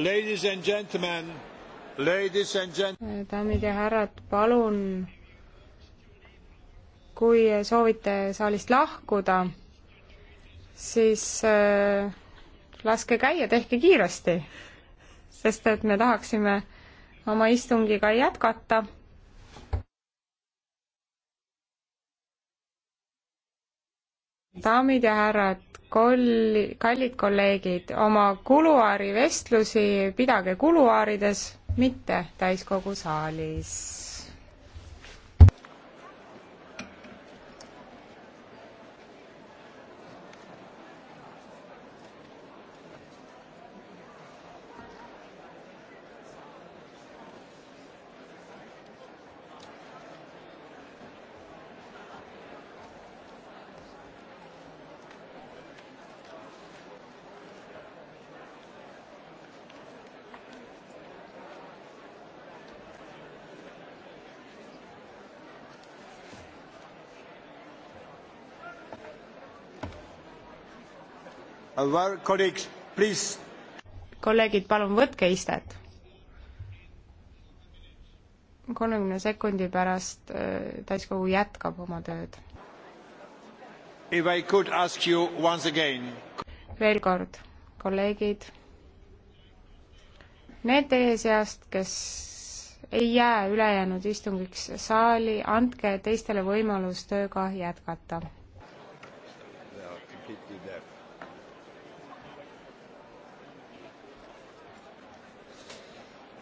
Ladies and gentlemen, ladies and gentlemen. daamid ja härrad, palun, kui soovite saalist lahkuda, siis äh, laske käia, tehke kiiresti, sest et me tahaksime oma istungiga jätkata daamid ja härrad, kolli-, kallid kolleegid, oma kuluaarivestlusi pidage kuluaarides, mitte täiskogu saalis kolleegid, palun võtke istet. kolmekümne sekundi pärast äh, täiskogu jätkab oma tööd. veel kord, kolleegid, need teie seast, kes ei jää ülejäänud istungiks saali, andke teistele võimalus tööga jätkata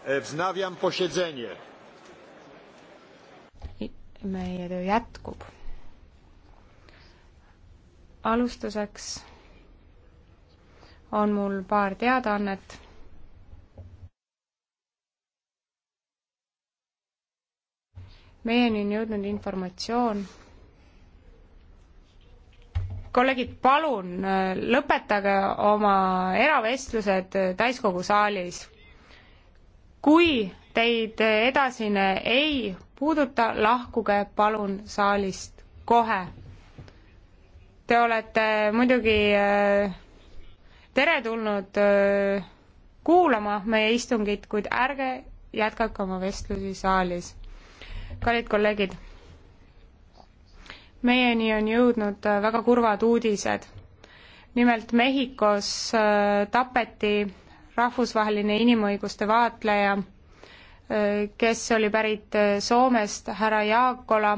E, wznawiam posiedzenie. meie töö jätkub. alustuseks on mul paar teadaannet. meieni on jõudnud informatsioon kolleegid, palun äh, lõpetage oma eravestlused äh, täiskogu saalis kui teid edasine ei puuduta, lahkuge palun saalist kohe. Te olete muidugi äh, teretulnud äh, kuulama meie istungit, kuid ärge jätkake oma vestlusi saalis. kallid kolleegid, meieni on jõudnud äh, väga kurvad uudised. nimelt Mehhikos tapeti rahvusvaheline inimõiguste vaatleja, kes oli pärit äh, Soomest, härra Jaakola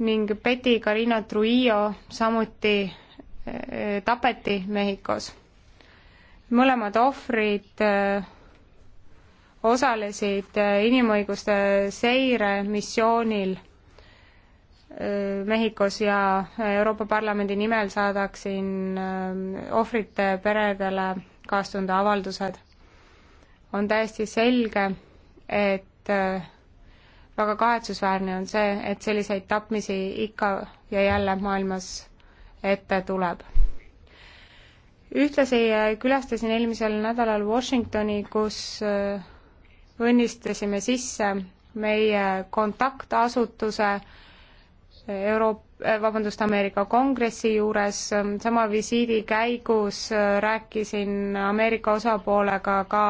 ning Betty Carina Trujillo samuti äh, tapeti Mehhikos. mõlemad ohvrid äh, osalesid inimõiguste seiremissioonil Mehhikos ja Euroopa Parlamendi nimel saadaksin ohvrite peredele kaastunde avaldused. on täiesti selge, et äh, väga kahetsusväärne on see, et selliseid tapmisi ikka ja jälle maailmas ette tuleb. ühtlasi äh, külastasin eelmisel nädalal Washingtoni, kus äh, õnnistasime sisse meie kontaktasutuse Euroopa Äh, vabandust, Ameerika Kongressi juures, ähm, sama visiidi käigus äh, rääkisin Ameerika osapoolega ka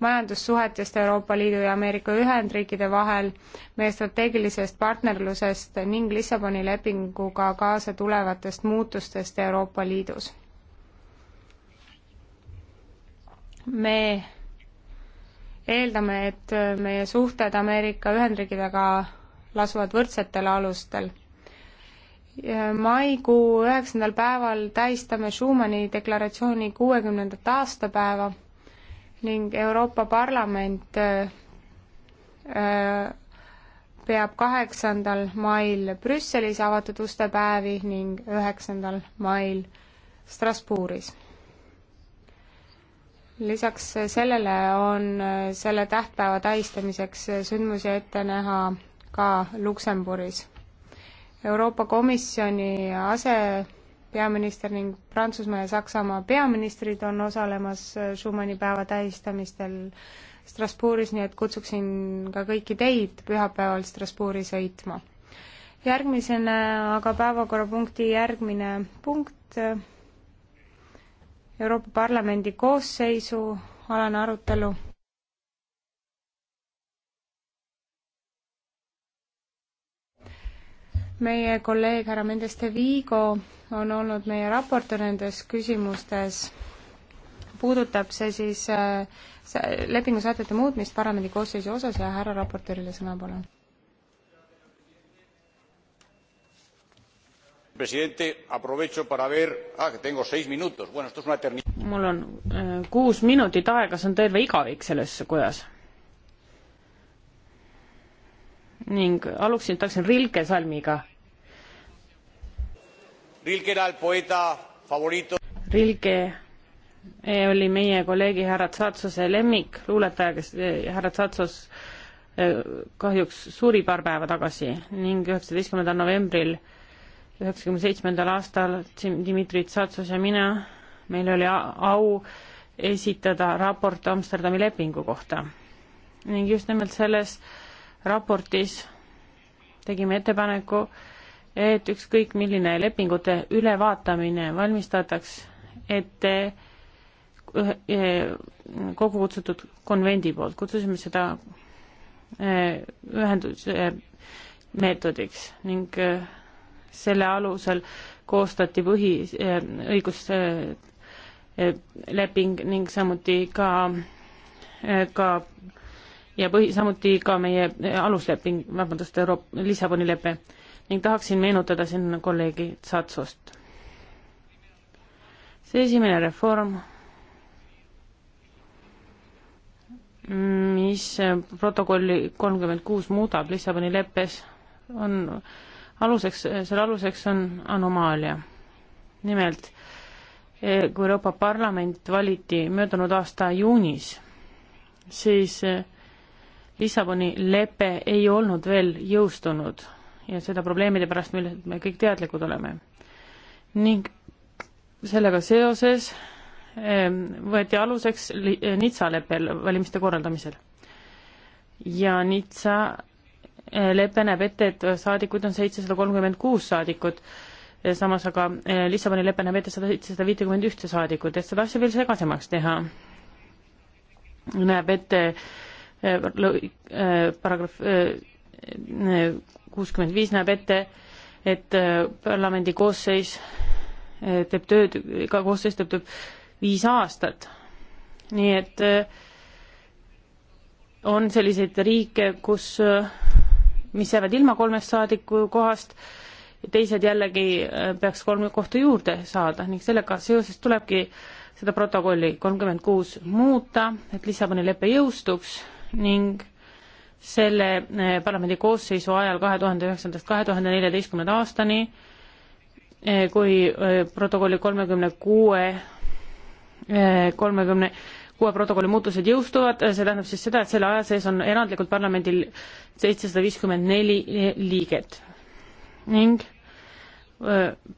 majandussuhetest Euroopa Liidu ja Ameerika Ühendriikide vahel, meie strateegilisest partnerlusest ning Lissaboni lepinguga kaasa tulevatest muutustest Euroopa Liidus. me eeldame, et meie suhted Ameerika Ühendriikidega lasuvad võrdsetel alustel maikuu üheksandal päeval tähistame Schumanni deklaratsiooni kuuekümnendat aastapäeva ning Euroopa Parlament äh, äh, peab kaheksandal mail Brüsselis avatud uste päevi ning üheksandal mail Strasbourgis. lisaks sellele on äh, selle tähtpäeva tähistamiseks sündmusi ette näha ka Luksemburgis Euroopa Komisjoni asepeaminister ning Prantsusmaa ja Saksamaa peaministrid on osalemas äh, Schumanni päeva tähistamistel Strasbourgis, nii et kutsuksin ka kõiki teid pühapäeval Strasbourgi sõitma. järgmisena aga päevakorrapunkti järgmine punkt, äh, Euroopa Parlamendi koosseisu alane arutelu meie kolleeg härra Mendeste Viigo on olnud meie raportöör nendes küsimustes, puudutab see siis äh, lepingusätete muutmist parlamendi koosseisu osas ja härra raportöörile sõna, palun. Ah, mul on äh, kuus minutit aega, see on terve igavik selles kojas ning aluksi ütleksin Rilke salmiga. Rilke e, oli meie kolleegi härra Tsatsose lemmik, luuletaja, kes e, härra Tsatsos e, kahjuks suri paar päeva tagasi ning üheksateistkümnendal novembril üheksakümne seitsmendal aastal Dmitri Tsatsos ja mina, meil oli au esitada raport Amsterdami lepingu kohta. ning just nimelt selles äh, raportis tegime ettepaneku, et ükskõik milline lepingute ülevaatamine valmistataks ette e, kokku kutsutud konvendi poolt, kutsusime seda e, ühenduse meetodiks ning e, selle alusel koostati põhi õigusleping ning samuti ka, ka ja põhi, samuti ka meie eh, alusleping, vabandust, Euroop-, Lissaboni lepe ning tahaksin meenutada siin kolleegi Tsatsost. see esimene reform, mis protokolli kolmkümmend kuus muudab Lissaboni leppes, on aluseks, selle aluseks on anomaalia. nimelt, eh, kui Euroopa Parlament valiti möödunud aasta juunis, siis eh, Lissaboni lepe ei olnud veel jõustunud ja seda probleemide pärast, millest me kõik teadlikud oleme. ning sellega seoses ehm, võeti aluseks Nitsa leppel valimiste korraldamisel. ja Nitsa eh, lepe näeb ette, et saadikuid on seitsesada kolmkümmend kuus saadikut, samas aga eh, Lissaboni lepe näeb ette sada seitsesada viitekümmend ühte saadikut, et seda asja veel segasemaks teha, näeb ette Äh, äh, paragrahv äh, kuuskümmend viis näeb ette, et parlamendi koosseis teeb tööd, iga koosseis teeb tööd viis aastat. nii et on selliseid riike, kus, mis jäävad ilma kolmest saadiku kohast, teised jällegi peaks kolm kohta juurde saada ning sellega seoses tulebki seda protokolli kolmkümmend kuus muuta, et Lissaboni lepe jõustuks ning selle eh, parlamendi koosseisu ajal kahe tuhande üheksandast kahe tuhande neljateistkümnenda aastani, eh, kui eh, protokolli kolmekümne kuue, kolmekümne kuue protokolli muutused jõustuvad, see tähendab siis seda, et selle aja sees on erandlikult parlamendil seitsesada viiskümmend neli liiget ning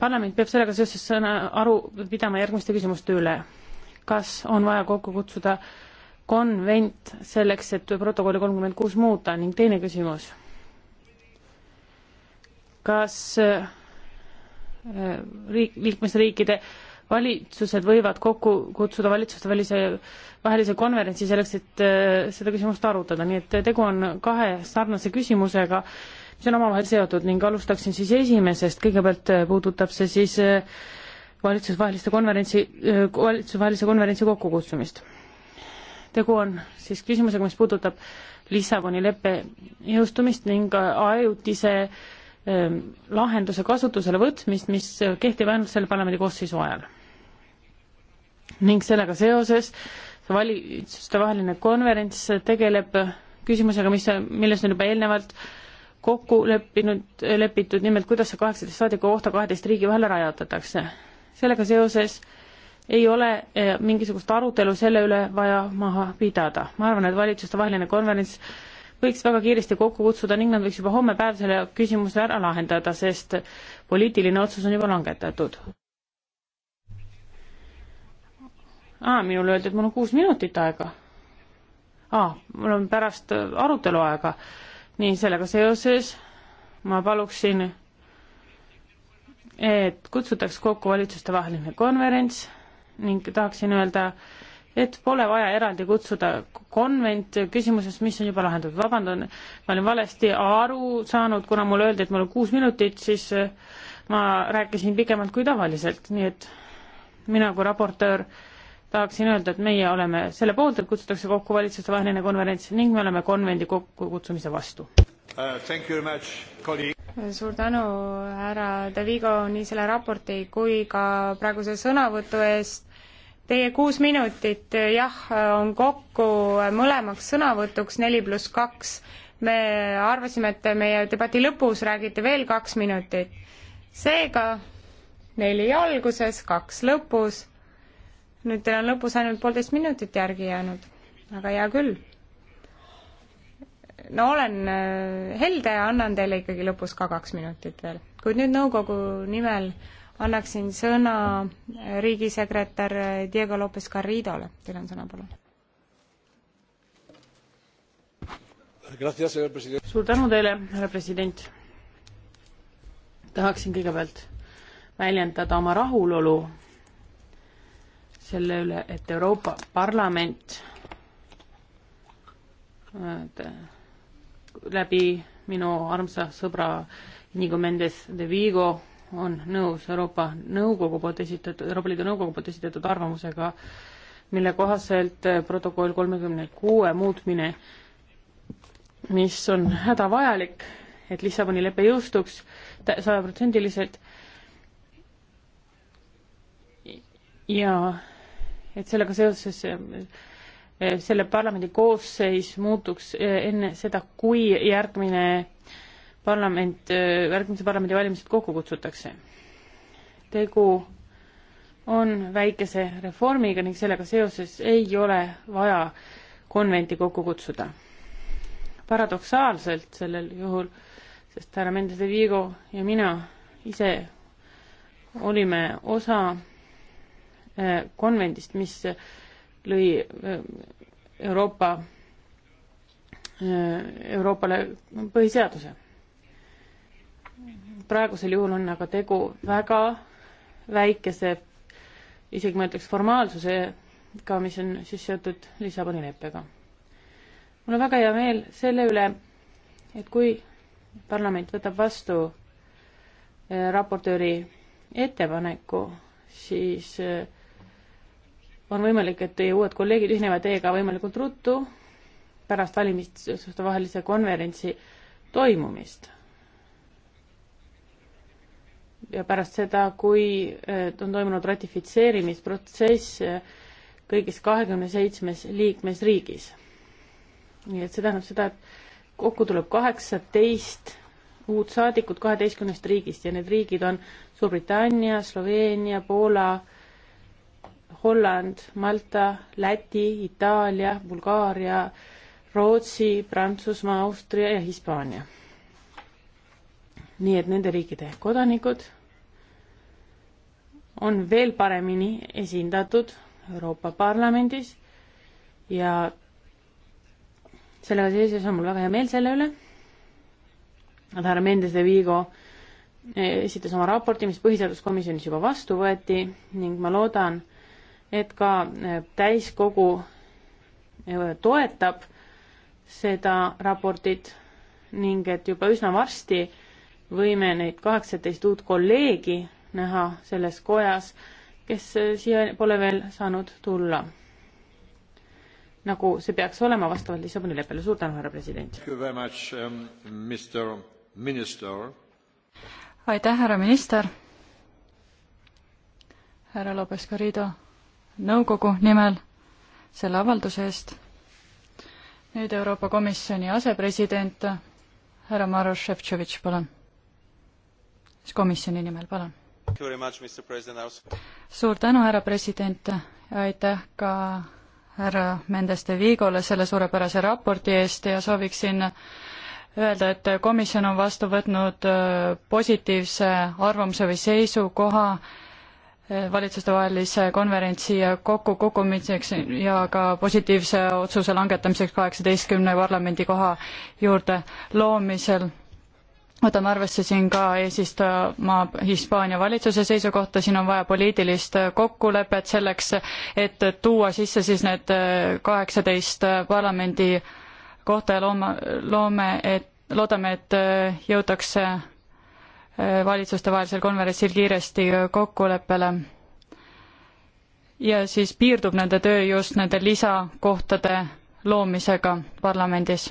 parlament peab sellega seoses sõna, aru pidama järgmiste küsimuste üle. kas on vaja kokku kutsuda äh, konvent selleks, et protokolli kolmkümmend kuus muuta ning teine küsimus. kas äh, riik, liikmesriikide valitsused võivad kokku kutsuda valitsustevälise, vahelise konverentsi selleks, et äh, seda küsimust arutada, nii et tegu on kahe sarnase küsimusega, mis on omavahel seotud ning alustaksin siis esimesest, kõigepealt äh, puudutab see siis valitsusvaheliste konverentsi, valitsusvahelise konverentsi kokkukutsumist tegu on siis küsimusega, mis puudutab Lissaboni leppe jõustumist ning ajutise ähm, lahenduse kasutusele võtmist, mis kehtib ainult selle parlamendi koosseisu ajal. ning sellega seoses see valitsustevaheline konverents tegeleb küsimusega, mis, milles on juba eelnevalt kokku leppinud, lepitud, nimelt kuidas see kaheksateist saadiku kohta kaheteist riigi vahele rajatatakse. sellega seoses äh, ei ole eh, mingisugust arutelu selle üle vaja maha pidada. ma arvan, et valitsustevaheline konverents võiks väga kiiresti kokku kutsuda ning nad võiks juba homme päev selle küsimuse ära lahendada, sest poliitiline otsus on juba langetatud. aa, minule öeldi, et mul on kuus minutit aega. aa, mul on pärast arutelu aega. nii, sellega seoses ma paluksin, et kutsutaks kokku valitsustevaheline konverents ning tahaksin öelda, et pole vaja eraldi kutsuda konvent küsimuses, mis on juba lahendatud. vabandan, ma olin valesti aru saanud, kuna mulle öeldi, et mul on kuus minutit, siis eh, ma rääkisin pikemalt kui tavaliselt, nii et mina kui raportöör tahaksin öelda, et meie oleme selle poolt, et kutsutakse kokku valitsustevaheline konverents ning me oleme konvendi kokkukutsumise vastu uh,. suur tänu, härra De Vigo, nii selle raporti kui ka praeguse sõnavõtu eest Teie kuus minutit, jah, on kokku mõlemaks sõnavõtuks neli pluss kaks. me arvasime, et meie debati lõpus räägite veel kaks minutit. seega neli alguses, kaks lõpus. nüüd teil on lõpus ainult poolteist minutit järgi jäänud, aga hea küll. no olen äh, helde ja annan teile ikkagi lõpus ka kaks minutit veel, kuid nüüd nõukogu nimel annaksin sõna riigisekretär Diego Lopez Garridole. Teil on sõna, palun. suur tänu teile, härra president. tahaksin kõigepealt väljendada oma rahulolu selle üle, et Euroopa Parlament et läbi minu armsa sõbra Inigo Mendes de Vigo on nõus Euroopa Nõukogu poolt esitatud, Euroopa Liidu Nõukogu poolt esitatud arvamusega, mille kohaselt äh, protokoll kolmekümne kuue muutmine, mis on hädavajalik, et Lissaboni lepe jõustuks sajaprotsendiliselt ja et sellega seoses äh, selle parlamendi koosseis muutuks äh, enne seda, kui järgmine parlament, äh, järgmise parlamendivalimised kokku kutsutakse. tegu on väikese reformiga ning sellega seoses ei ole vaja konventi kokku kutsuda. paradoksaalselt sellel juhul, sest härra Mendes de Vigo ja mina ise olime osa äh, konvendist, mis äh, lõi Euroopa, Euroopale põhiseaduse praegusel juhul on aga tegu väga väikese, isegi ma ütleks formaalsusega, mis on siis seotud Lissaboni leppega. mul on väga hea meel selle üle, et kui parlament võtab vastu äh, raportööri ettepaneku, siis äh, on võimalik, et teie uued kolleegid ühinevad teiega võimalikult ruttu pärast valimiste vahelise konverentsi toimumist ja pärast seda, kui äh, on toimunud ratifitseerimisprotsess äh, kõigis kahekümne seitsmes liikmesriigis. nii et see tähendab seda, et kokku tuleb kaheksateist uut saadikut kaheteistkümnest riigist ja need riigid on Suurbritannia, Sloveenia, Poola, Holland, Malta, Läti, Itaalia, Bulgaaria, Rootsi, Prantsusmaa, Austria ja Hispaania. nii et nende riikide kodanikud on veel paremini esindatud Euroopa Parlamendis ja sellega seoses on mul väga hea meel selle üle, et härra Mendes de Vigo eh, esitas oma raporti, mis põhiseaduskomisjonis juba vastu võeti ning ma loodan, et ka eh, täiskogu eh, toetab seda raportit ning et juba üsna varsti võime neid kaheksateist uut kolleegi näha selles kojas, kes siia pole veel saanud tulla. nagu see peaks olema vastavalt Lissaboni leppele. suur tänu, härra president! Um, aitäh, härra minister! härra Lopez Garrido nõukogu nimel selle avalduse eest. nüüd Euroopa Komisjoni asepresident härra Maroš Šefčovitš, palun. siis komisjoni nimel, palun suur tänu, härra president ja aitäh ka härra Mendes de Vigole selle suurepärase raporti eest ja sooviksin öelda, et komisjon on vastu võtnud äh, positiivse arvamuse või seisukoha äh, valitsustevahelise konverentsi kokkukukkumiseks ja ka positiivse otsuse langetamiseks kaheksateistkümne parlamendikoha juurde loomisel võtame arvesse siin ka eesistujamaa Hispaania valitsuse seisukohta, siin on vaja poliitilist kokkulepet selleks, et tuua sisse siis need kaheksateist parlamendi kohta ja looma, loome, et, loodame, et jõutakse valitsustevahelisel konverentsil kiiresti kokkuleppele. ja siis piirdub nende töö just nende lisakohtade loomisega parlamendis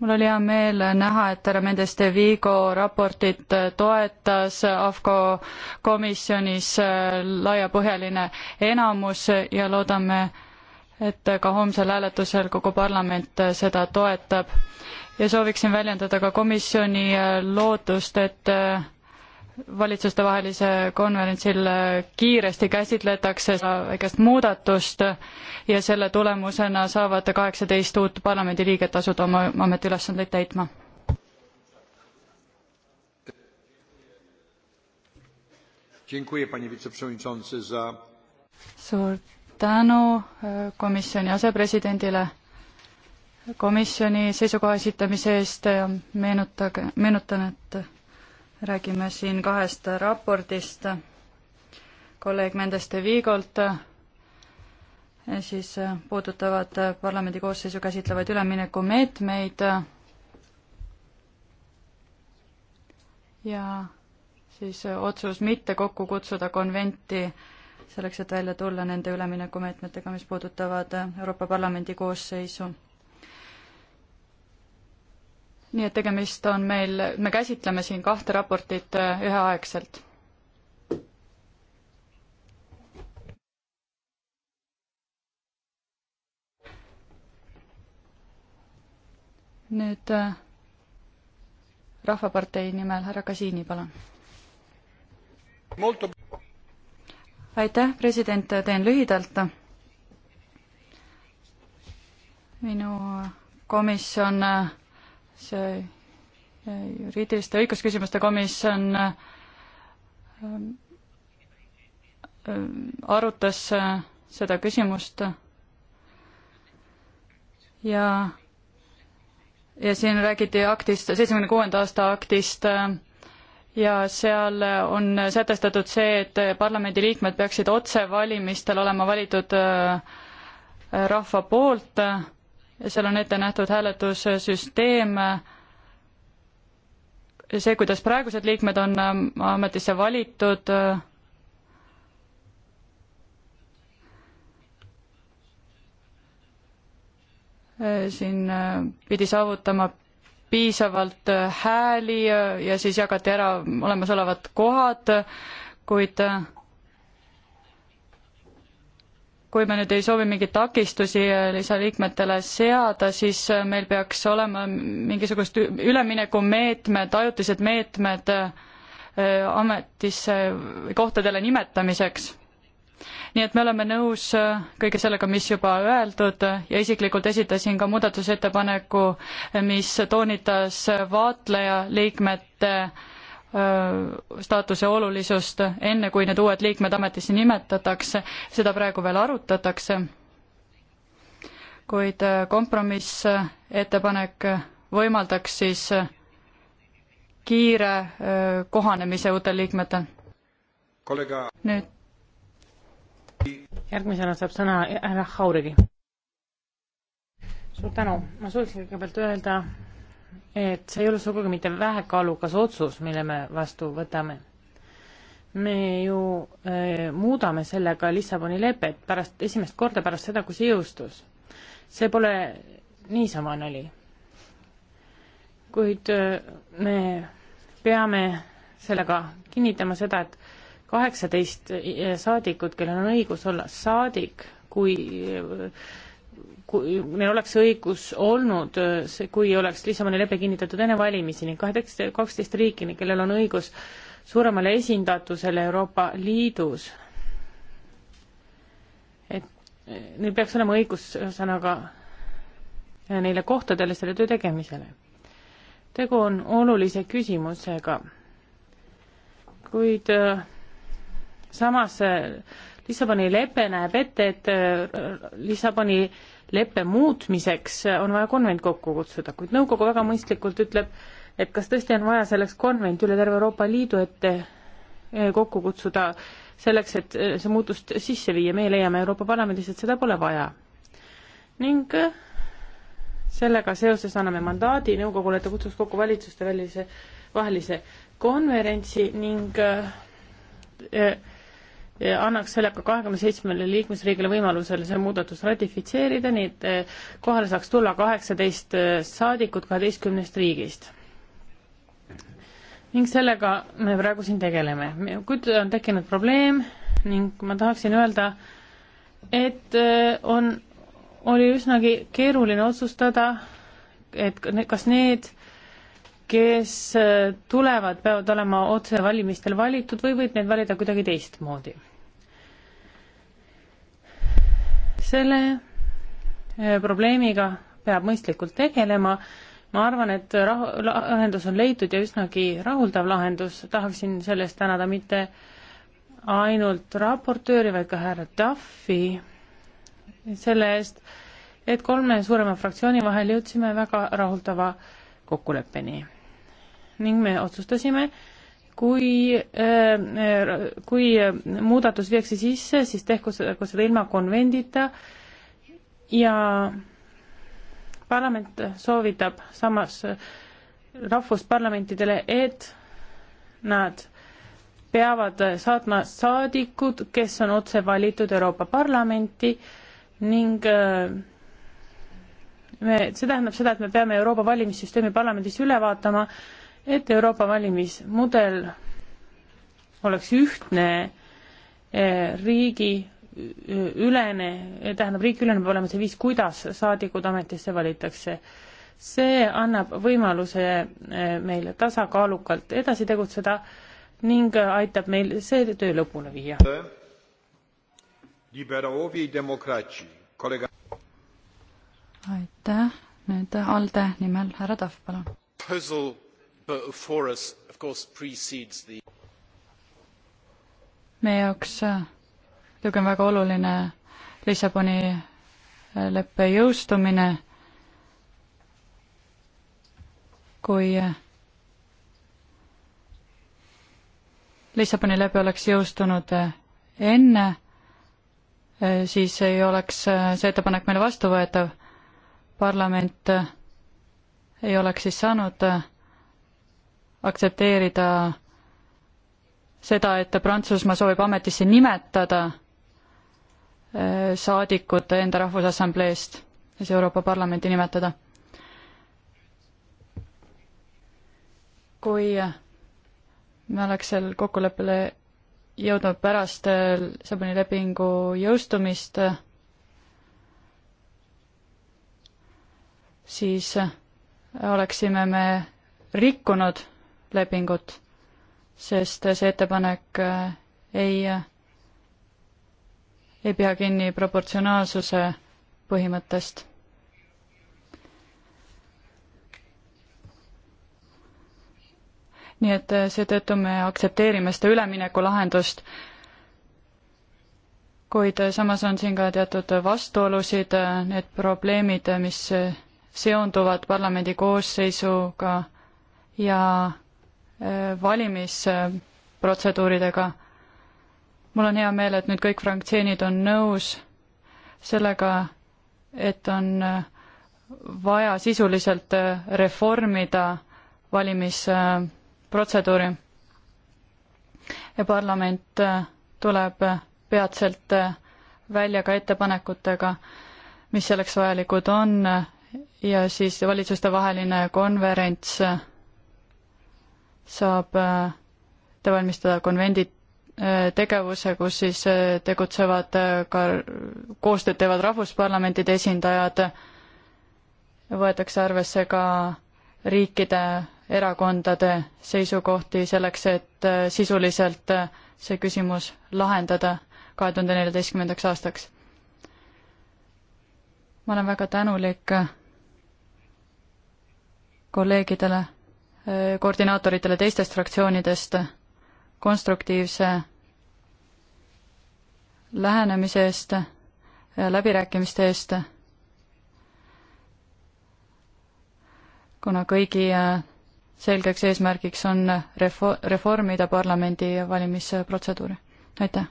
mul oli hea meel näha, et härra Mendes de Vigo raportit äh, toetas AFCO komisjonis äh, laiapõhjaline enamus ja loodame, et ka homsel hääletusel kogu parlament äh, seda toetab. ja sooviksin väljendada ka komisjoni lootust, et valitsustevahelise konverentsil kiiresti käsitletakse väikest muudatust ja selle tulemusena saavad kaheksateist uut parlamendiliiget asuda oma ametiülesandeid täitma. suur tänu e, komisjoni asepresidendile komisjoni seisukoha esitamise eest ja meenutage, meenutan, et räägime siin kahest raportist kolleeg Mendes de Vigolt, eh, siis eh, puudutavad parlamendi koosseisu käsitlevaid üleminekumeetmeid ja siis eh, otsus mitte kokku kutsuda konventi selleks, et välja tulla nende üleminekumeetmetega, mis puudutavad Euroopa Parlamendi koosseisu nii et tegemist on meil, me käsitleme siin kahte raportit äh, üheaegselt. nüüd äh, Rahvapartei nimel härra Kasiini, palun. aitäh, president, teen lühidalt. minu komisjon äh, see juriidiliste õigusküsimuste komisjon ähm, ähm, arutas äh, seda küsimust ja, ja siin räägiti aktist, seitsmekümne kuuenda aasta aktist äh, ja seal on sätestatud see, et parlamendiliikmed peaksid otsevalimistel olema valitud äh, rahva poolt seal on ette nähtud hääletussüsteem, see, kuidas praegused liikmed on äh, ametisse valitud, äh, siin äh, pidi saavutama piisavalt hääli ja siis jagati ära olemasolevad kohad, kuid kui me nüüd ei soovi mingeid takistusi eh, lisaliikmetele seada, siis eh, meil peaks olema mingisugused üleminekumeetmed, ajutised meetmed eh, ametisse, kohtadele nimetamiseks. nii et me oleme nõus kõige sellega, mis juba öeldud ja isiklikult esitasin ka muudatusettepaneku, mis toonitas vaatleja liikmete äh, staatuse olulisust, enne kui need uued liikmed ametisse nimetatakse, seda praegu veel arutatakse, kuid kompromissettepanek võimaldaks siis kiire kohanemise uutel liikmetel. nüüd. järgmisena saab sõna härra Haurigi. suur tänu, ma sooviksin kõigepealt öelda, et see ei ole sugugi mitte vähekaalukas otsus, mille me vastu võtame. me ju äh, muudame sellega Lissaboni lepet pärast, esimest korda pärast seda, kui see jõustus. see pole niisama nali. kuid äh, me peame sellega kinnitama seda, et kaheksateist eh, saadikut, kellel on õigus olla saadik, kui äh, kui neil oleks õigus olnud, äh, see, kui oleks Lissaboni lepe kinnitatud enne valimisi ning kaheteist, kaksteist riiki, kellel on õigus suuremale esindatusele Euroopa Liidus. et äh, neil peaks olema õigus ühesõnaga äh, neile kohtadele selle töö tegemisele. tegu on olulise küsimusega, kuid samas Lissaboni lepe näeb ette, et äh, Lissaboni leppe muutmiseks on vaja konvent kokku kutsuda, kuid nõukogu väga mõistlikult ütleb, et kas tõesti on vaja selleks konvent üle terve Euroopa Liidu ette äh, kokku kutsuda, selleks, et äh, see muutust sisse viia, meie leiame Euroopa Parlamendis, et seda pole vaja. ning sellega seoses anname mandaadi nõukogule, et ta kutsuks kokku valitsuste välise, vahelise konverentsi ning äh, annaks sellega kahekümne seitsmele liikmesriigile võimalusele see muudatus ratifitseerida, nii et eh, kohale saaks tulla kaheksateist eh, saadikut kaheteistkümnest riigist. ning sellega me praegu siin tegeleme. kuid on tekkinud probleem ning ma tahaksin öelda, et eh, on, oli üsnagi keeruline otsustada, et kas need, kes tulevad, peavad olema otsevalimistel valitud või võib neid valida kuidagi teistmoodi selle eh, probleemiga peab mõistlikult tegelema. ma arvan, et rahu-, lahendus on leitud ja üsnagi rahuldav lahendus, tahaksin selle eest tänada mitte ainult raportööri, vaid ka härra Duffi selle eest, et kolme suurema fraktsiooni vahel jõudsime väga rahuldava kokkuleppeni. ning me otsustasime, kui, äh, äh, kui muudatus viiakse sisse, siis tehku seda, kui seda ilma konvendita ja parlament soovitab samas rahvusparlamentidele, et nad peavad saatma saadikud, kes on otse valitud Euroopa Parlamenti ning äh, me, see tähendab seda, et me peame Euroopa valimissüsteemi parlamendis üle vaatama äh, et Euroopa valimismudel oleks ühtne eh, riigi eh, ülene, eh, tähendab, riigiülene peab olema see viis, kuidas saadikud ametisse valitakse. see annab võimaluse meile tasakaalukalt edasi tegutseda ning aitab meil see töö lõpule viia. aitäh, nüüd ALDE nimel härra Tahv, palun before us of course precedes the meie jaoks muidugi äh, on väga oluline Lissaboni äh, leppe jõustumine, kui äh, Lissaboni lepe oleks jõustunud enne, siis ei oleks see ettepanek meile vastuvõetav. parlament ei oleks siis saanud aktsepteerida seda, et Prantsusmaa soovib ametisse nimetada äh, saadikut enda Rahvusassambleest, siis Euroopa Parlamenti nimetada. kui me oleks seal kokkuleppele jõudnud pärast äh, Sabani lepingu jõustumist, siis äh, oleksime me rikkunud lepingut, sest see ettepanek äh, ei, äh, ei pea kinni proportsionaalsuse põhimõttest. nii et äh, seetõttu me aktsepteerime seda üleminekulahendust, kuid samas on siin ka teatud vastuolusid, need probleemid, mis seonduvad parlamendi koosseisuga ja valimisprotseduuridega. mul on hea meel, et nüüd kõik fraktsioonid on nõus sellega, et on vaja sisuliselt reformida valimisprotseduuri. ja parlament tuleb peatselt välja ka ettepanekutega, mis selleks vajalikud on ja siis valitsustevaheline konverents saab ette äh, valmistada konvendi äh, tegevuse, kus siis äh, tegutsevad ka, koostööd teevad rahvusparlamentide esindajad, võetakse arvesse ka riikide erakondade seisukohti selleks, et sisuliselt see küsimus lahendada kahe tuhande neljateistkümnendaks aastaks. ma olen väga tänulik kolleegidele koordinaatoritele teistest fraktsioonidest konstruktiivse lähenemise eest, läbirääkimiste eest, kuna kõigi äh, selgeks eesmärgiks on refo-, reformida parlamendi valimisprotseduuri. aitäh!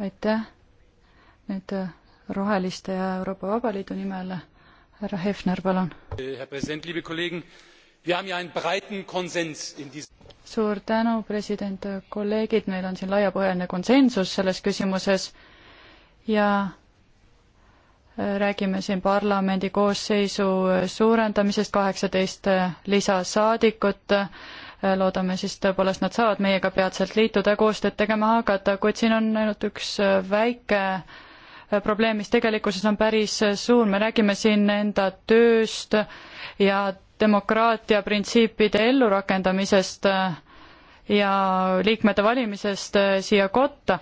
aitäh! nüüd äh, Roheliste ja Euroopa Vabaliidu nimel härra Hefner, palun. suur tänu, president, kolleegid, meil on siin laiapõhjaline konsensus selles küsimuses ja äh, räägime siin parlamendi koosseisu äh, suurendamisest, kaheksateist äh, lisasaadikut, loodame siis tõepoolest nad saavad meiega peatselt liituda ja koostööd tegema hakata, kuid siin on ainult üks väike probleem, mis tegelikkuses on päris suur, me räägime siin enda tööst ja demokraatia printsiipide ellurakendamisest ja liikmete valimisest siia kotta.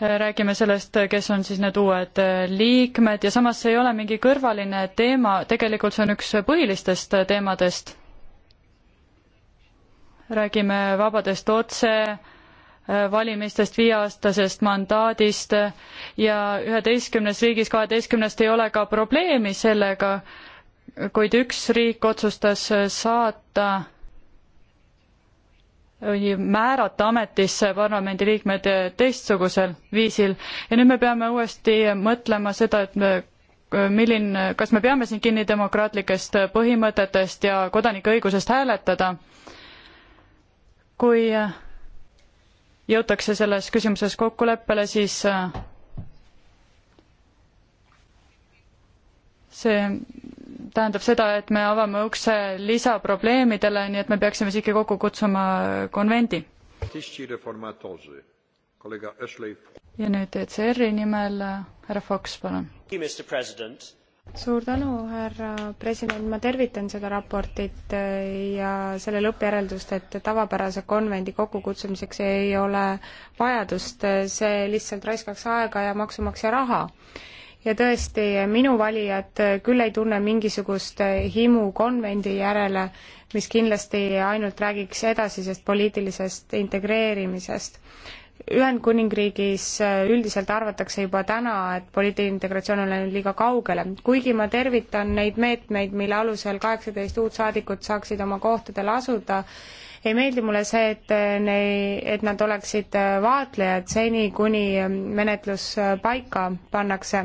räägime sellest, kes on siis need uued liikmed ja samas see ei ole mingi kõrvaline teema, tegelikult see on üks põhilistest teemadest. räägime vabadest otse Äh, valimistest, viieaastasest mandaadist äh, ja üheteistkümnes riigis kaheteistkümnest ei ole ka probleemi sellega, kuid üks riik otsustas äh, saata või määrata ametisse parlamendiliikmed teistsugusel viisil ja nüüd me peame uuesti mõtlema seda, et me milline, kas me peame siin kinni demokraatlikest põhimõtetest ja kodanike õigusest hääletada, kui jõutakse selles küsimuses kokkuleppele, siis äh, see tähendab seda, et me avame ukse lisaprobleemidele, nii et me peaksime siiski kokku kutsuma konvendi. ja nüüd ECR-i nimel äh, härra Fox, palun suur tänu, härra president, ma tervitan seda raportit eh, ja selle lõppjäreldust, et tavapärase konvendi kokkukutsumiseks ei ole vajadust, eh, see lihtsalt raiskaks aega ja maksumaksja raha. ja tõesti, minu valijad eh, küll ei tunne mingisugust himu konvendi järele, mis kindlasti ainult räägiks edasisest poliitilisest integreerimisest Ühendkuningriigis äh, üldiselt arvatakse juba täna, et poliitiline integratsioon on läinud liiga kaugele, kuigi ma tervitan neid meetmeid, mille alusel kaheksateist uut saadikut saaksid oma kohtadele asuda ei meeldi mulle see, et äh, nei-, et nad oleksid äh, vaatlejad seni, kuni äh, menetlus paika pannakse.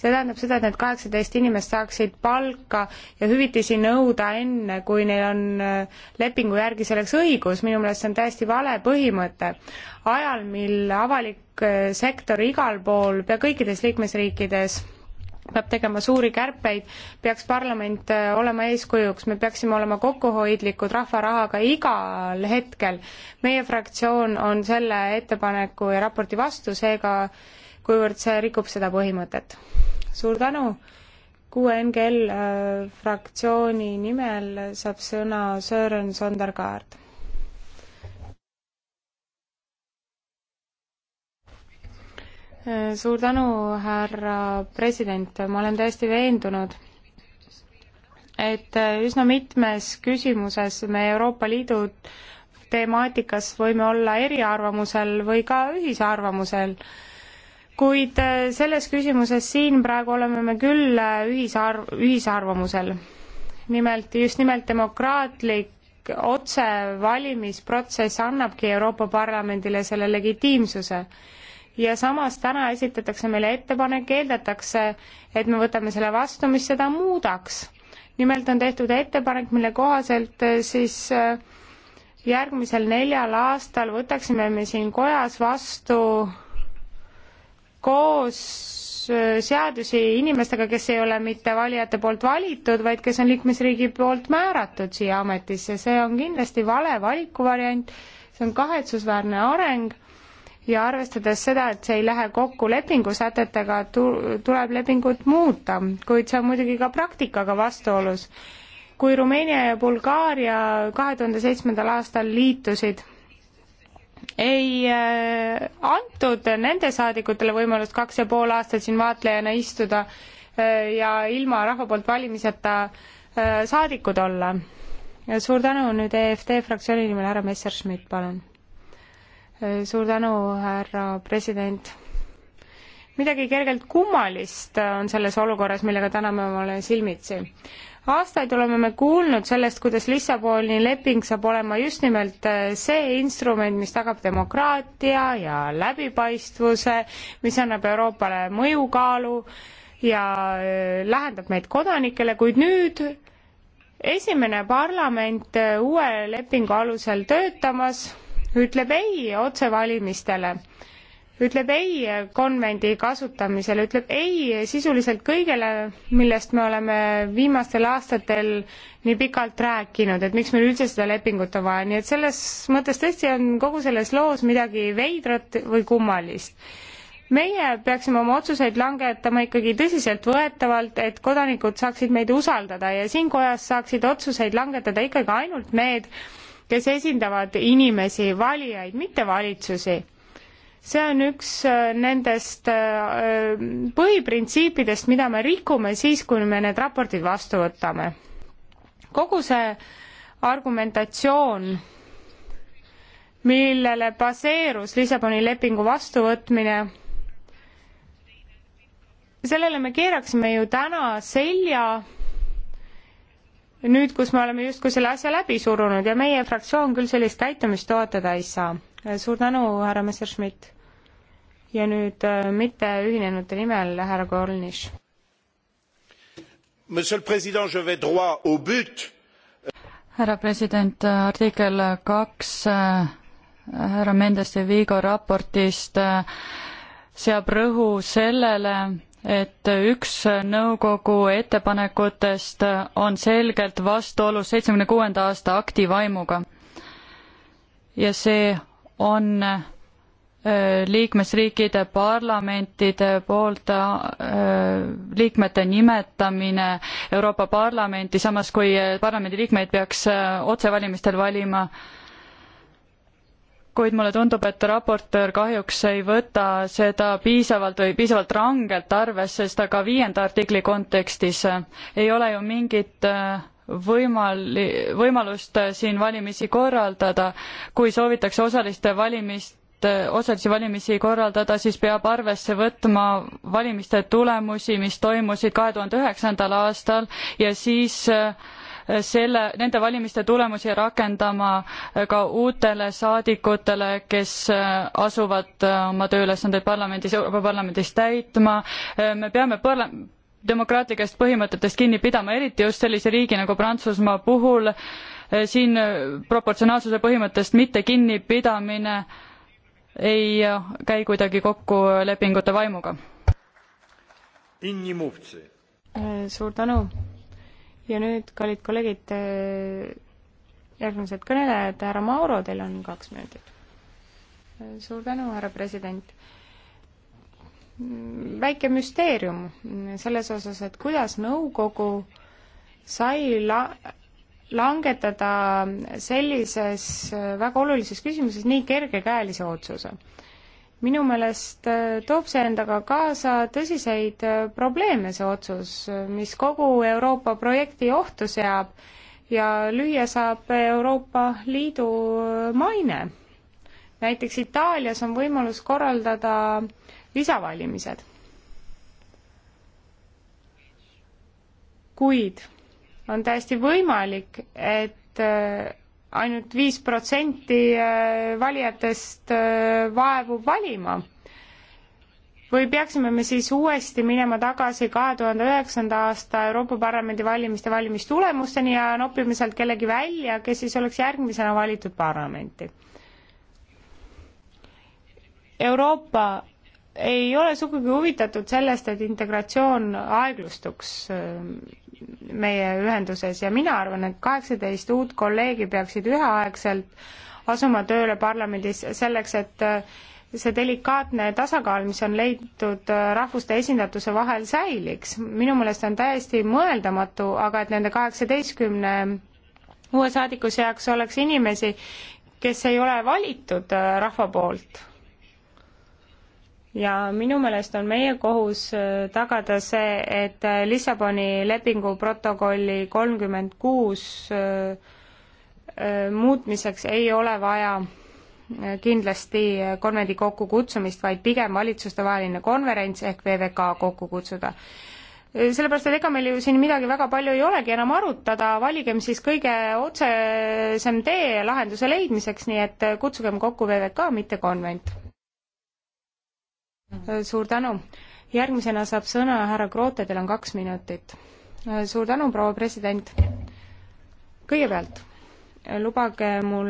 see tähendab seda, et need kaheksateist inimest saaksid palka ja hüvitisi nõuda enne, kui neil on lepingu järgi selleks õigus, minu meelest see on täiesti vale põhimõte. ajal, mil avalik sektor igal pool, pea kõikides liikmesriikides peab tegema suuri kärpeid, peaks parlament äh, olema eeskujuks, me peaksime olema kokkuhoidlikud rahva rahaga igal hetkel. meie fraktsioon on selle ettepaneku ja raporti vastu, seega kuivõrd see rikub seda põhimõtet. suur tänu, QNGL äh, fraktsiooni nimel saab sõna Sören Sondergaard. suur tänu, härra president, ma olen täiesti veendunud, et üsna mitmes küsimuses me Euroopa Liidu temaatikas võime olla eriarvamusel või ka ühisarvamusel kuid selles küsimuses siin praegu oleme me küll ühisarv-, ühisarvamusel. nimelt, just nimelt demokraatlik otsevalimisprotsess annabki Euroopa Parlamendile selle legitiimsuse ja samas täna esitatakse meile ettepanek, eeldatakse, et me võtame selle vastu, mis seda muudaks. nimelt on tehtud ettepanek, mille kohaselt eh, siis eh, järgmisel neljal aastal võtaksime me siin kojas vastu koos eh, seadusi inimestega, kes ei ole mitte valijate poolt valitud, vaid kes on liikmesriigi poolt määratud siia ametisse, see on kindlasti vale valikuvariant, see on kahetsusväärne areng ja arvestades seda, et see ei lähe kokku lepingusätetega, tuleb lepingut muuta, kuid see on muidugi ka praktikaga vastuolus. kui Rumeenia ja Bulgaaria kahe tuhande seitsmendal aastal liitusid, ei äh, antud nende saadikutele võimalust kaks ja pool aastat siin vaatlejana istuda äh, ja ilma rahva poolt valimiseta äh, saadikud olla. suur tänu nüüd EFD fraktsiooni nimel, härra Messerschmidt, palun suur tänu, härra president. midagi kergelt kummalist on selles olukorras, millega täna me oleme silmitsi aastaid oleme me kuulnud sellest, kuidas Lissaboni leping saab olema just nimelt äh, see instrument, mis tagab demokraatia ja läbipaistvuse, mis annab Euroopale mõjukaalu ja äh, lähendab meid kodanikele, kuid nüüd esimene parlament äh, uue lepingu alusel töötamas ütleb ei otsevalimistele, ütleb ei konvendi kasutamisele, ütleb ei sisuliselt kõigele, millest me oleme viimastel aastatel nii pikalt rääkinud, et miks meil üldse seda lepingut on vaja, nii et selles mõttes tõesti on kogu selles loos midagi veidrat või kummalist meie peaksime oma otsuseid langetama ikkagi tõsiseltvõetavalt, et kodanikud saaksid meid usaldada ja siin kojas saaksid otsuseid langetada ikkagi ainult need, kes esindavad inimesi, valijaid, mitte valitsusi. see on üks äh, nendest äh, põhiprintsiipidest, mida me rikume siis, kui me need raportid vastu võtame. kogu see argumentatsioon, millele baseerus Lissaboni lepingu vastuvõtmine, sellele me keeraksime ju täna selja nüüd, kus me oleme justkui selle asja läbi surunud ja meie fraktsioon küll sellist käitumist toetada ei saa. suur tänu, härra Messerschmidt. ja nüüd äh, mitteühinenute nimel härra Kornis. härra president, äh, artikkel kaks äh, härra Mendes de Vigo raportist seab rõhu sellele, et üks nõukogu ettepanekutest on selgelt vastuolus seitsmekümne kuuenda aasta akti vaimuga. ja see on äh, liikmesriikide parlamentide poolt äh, liikmete nimetamine Euroopa Parlamenti, samas kui äh, parlamendiliikmeid peaks otsevalimistel valima äh, kuid mulle tundub, et raportöör kahjuks ei võta seda piisavalt või piisavalt rangelt arvesse, seda ka viienda artikli kontekstis ei ole ju mingit äh, võimali-, võimalust äh, siin valimisi korraldada, kui soovitakse osaliste valimist äh, osalisi valimisi korraldada, siis peab arvesse võtma valimiste tulemusi, mis toimusid kahe tuhande üheksandal aastal ja siis äh, selle, nende valimiste tulemusi rakendama ka uutele saadikutele, kes äh, asuvad äh, oma tööülesandeid parlamendis, Euroopa Parlamendis täitma, äh, me peame parla-, demokraatlikest põhimõtetest kinni pidama, eriti just sellise riigi nagu Prantsusmaa puhul, siin proportsionaalsuse põhimõttest mitte kinnipidamine ei käi kuidagi kokku lepingute vaimuga. suur tänu ja nüüd, kallid kolleegid, äh, järgmised kõnelejad, härra Mauro, teil on kaks minutit. suur tänu, härra president. väike müsteerium selles osas, et kuidas nõukogu sai la-, langetada sellises äh, väga olulises küsimuses nii kergekäelise otsuse minu meelest äh, toob see endaga kaasa tõsiseid äh, probleeme, see otsus, äh, mis kogu Euroopa projekti ohtu seab ja lüüa saab Euroopa Liidu maine. näiteks Itaalias on võimalus korraldada lisavalimised. kuid on täiesti võimalik, et ainult viis protsenti äh, valijatest äh, vaevub valima? või peaksime me siis uuesti minema tagasi kahe tuhande üheksanda aasta Euroopa Parlamendi valimiste valimistulemusteni ja noppima sealt kellegi välja, kes siis oleks järgmisena valitud parlamenti? Euroopa ei ole sugugi huvitatud sellest, et integratsioon aeglustuks ähm, meie ühenduses ja mina arvan, et kaheksateist uut kolleegi peaksid üheaegselt asuma tööle parlamendis selleks, et äh, see delikaatne tasakaal, mis on leitud äh, rahvuste esindatuse vahel, säiliks. minu meelest on täiesti mõeldamatu, aga et nende kaheksateistkümne uue saadiku seaks oleks inimesi, kes ei ole valitud äh, rahva poolt ja minu meelest on meie kohus äh, tagada see, et äh, Lissaboni lepingu protokolli kolmkümmend kuus äh, muutmiseks ei ole vaja kindlasti konvendi kokkukutsumist, vaid pigem valitsustevaheline konverents ehk VVK kokku kutsuda sellepärast, et ega meil ju siin midagi väga palju ei olegi enam arutada, valigem siis kõige otsesem tee lahenduse leidmiseks, nii et kutsugem kokku VVK, mitte konvent. Äh, suur tänu. järgmisena saab sõna härra Kroote, teil on kaks minutit. Äh, suur tänu, proua president. kõigepealt äh, lubage mul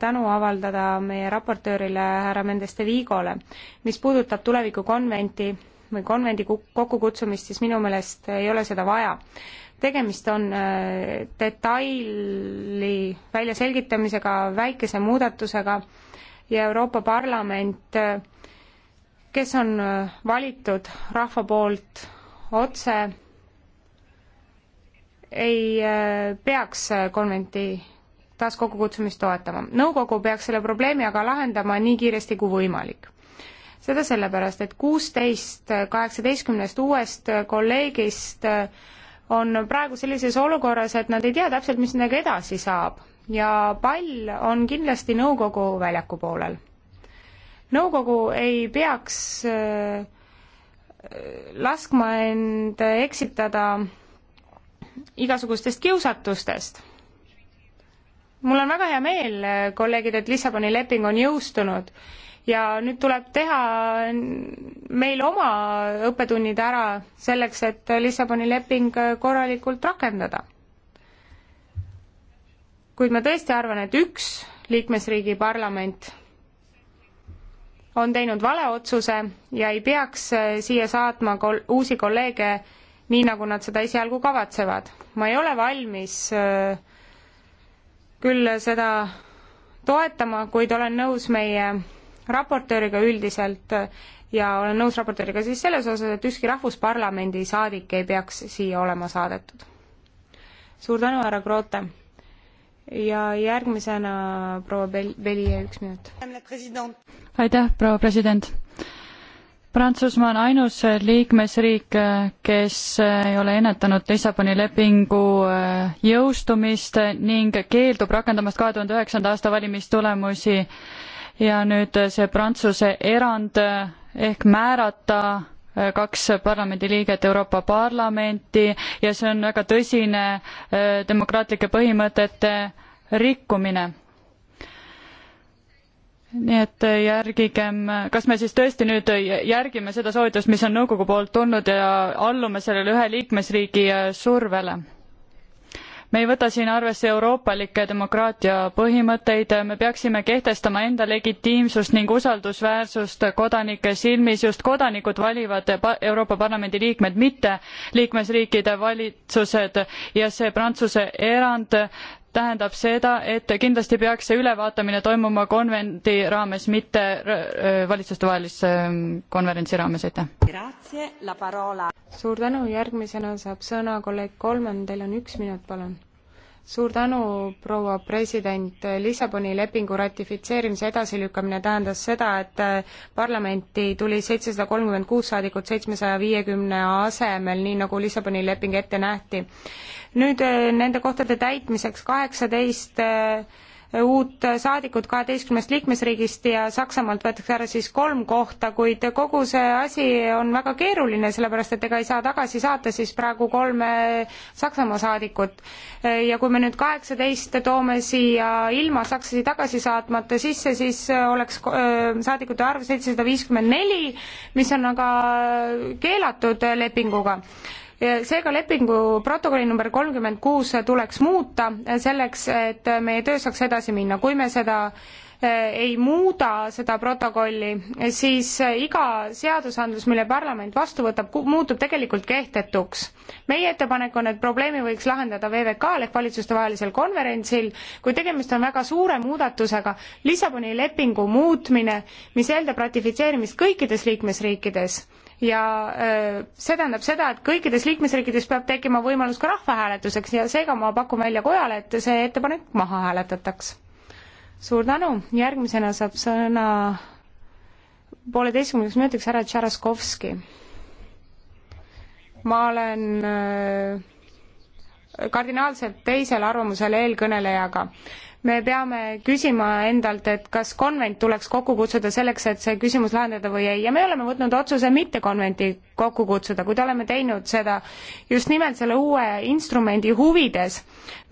tänu avaldada meie raportöörile härra Mendeste Vigole. mis puudutab tulevikukonventi või konvendi kokkukutsumist, siis minu meelest ei ole seda vaja. tegemist on detaili väljaselgitamisega, väikese muudatusega ja Euroopa Parlament äh, kes on äh, valitud rahva poolt otse, ei äh, peaks äh, konventi taas kokkukutsumist toetama. nõukogu peaks selle probleemi aga lahendama nii kiiresti kui võimalik. seda sellepärast, et kuusteist kaheksateistkümnest uuest kolleegist on praegu sellises olukorras, et nad ei tea täpselt, mis nendega edasi saab ja pall on kindlasti nõukogu väljaku poolel nõukogu ei peaks äh, laskma end eksitada igasugustest kiusatustest. mul on väga hea meel, kolleegid, et Lissaboni leping on jõustunud ja nüüd tuleb teha meil oma õppetunnid ära selleks, et Lissaboni leping korralikult rakendada. kuid ma tõesti arvan, et üks liikmesriigi parlament on teinud vale otsuse ja ei peaks äh, siia saatma kol-, uusi kolleege nii, nagu nad seda esialgu kavatsevad. ma ei ole valmis äh, küll seda toetama, kuid olen nõus meie raportööriga üldiselt äh, ja olen nõus raportööriga siis selles osas, et ükski Rahvusparlamendi saadik ei peaks siia olema saadetud. suur tänu, härra Kroote! ja järgmisena proua Bel-, Belje, üks minut. aitäh, proua president. Prantsusmaa on ainus liikmesriik, kes ei ole ennetanud Lissaboni lepingu äh, jõustumist ning keeldub rakendamast kahe tuhande üheksanda aasta valimistulemusi ja nüüd see Prantsuse erand äh, ehk määrata Äh, kaks parlamendiliiget Euroopa Parlamenti ja see on väga tõsine äh, demokraatlike põhimõtete rikkumine. nii et äh, järgigem, kas me siis tõesti nüüd järgime seda soovitust, mis on nõukogu poolt tulnud ja allume sellele ühe liikmesriigi survele? me ei võta siin arvesse euroopalikke demokraatia põhimõtteid, me peaksime kehtestama enda legitiimsust ning usaldusväärsust kodanike silmis, just kodanikud valivad Euroopa Parlamendi liikmed, mitte liikmesriikide valitsused ja see Prantsuse erand tähendab seda, et kindlasti peaks see ülevaatamine toimuma konvendi raames, mitte äh, äh, valitsustevahelise ähm, konverentsi raames, aitäh. suur tänu, järgmisena saab sõna kolleeg Kolman, teil on üks minut, palun suur tänu, proua president, Lissaboni lepingu ratifitseerimise edasilükkamine tähendas seda, et äh, parlamenti tuli seitsesada kolmkümmend kuus saadikut seitsmesaja viiekümne asemel, nii nagu Lissaboni leping ette nähti. nüüd äh, nende kohtade täitmiseks kaheksateist 18 äh, uut saadikut kaheteistkümnest liikmesriigist ja Saksamaalt võetakse ära siis kolm kohta, kuid kogu see asi on väga keeruline, sellepärast et ega ei saa tagasi saata siis praegu kolme Saksamaa saadikut. ja kui me nüüd kaheksateist toome siia ilma sakslasi tagasi saatmata sisse, siis oleks äh, saadikute arv seitsesada viiskümmend neli, mis on aga keelatud lepinguga seega lepingu protokolli number kolmkümmend kuus tuleks muuta selleks, et meie töö saaks edasi minna, kui me seda eh, ei muuda seda protokolli, siis iga seadusandlus, mille parlament vastu võtab, muutub tegelikult kehtetuks. meie ettepanek on, et probleemi võiks lahendada VVK-l ehk valitsustevahelisel konverentsil, kui tegemist on väga suure muudatusega, Lissaboni lepingu muutmine, mis eeldab ratifitseerimist kõikides liikmesriikides ja äh, see tähendab seda, et kõikides liikmesriikides peab tekkima võimalus ka rahvahääletuseks ja seega ma pakun välja kojale, et see ettepanek maha hääletataks. suur tänu, järgmisena saab sõna pooleteistkümneks minutiks härra Tšaraskovski. ma olen äh, kardinaalselt teisel arvamusel eelkõnelejaga me peame küsima endalt, et kas konvent tuleks kokku kutsuda selleks, et see küsimus lahendada või ei ja me oleme võtnud otsuse mitte konventi kokku kutsuda, kuid oleme teinud seda just nimelt selle uue instrumendi huvides,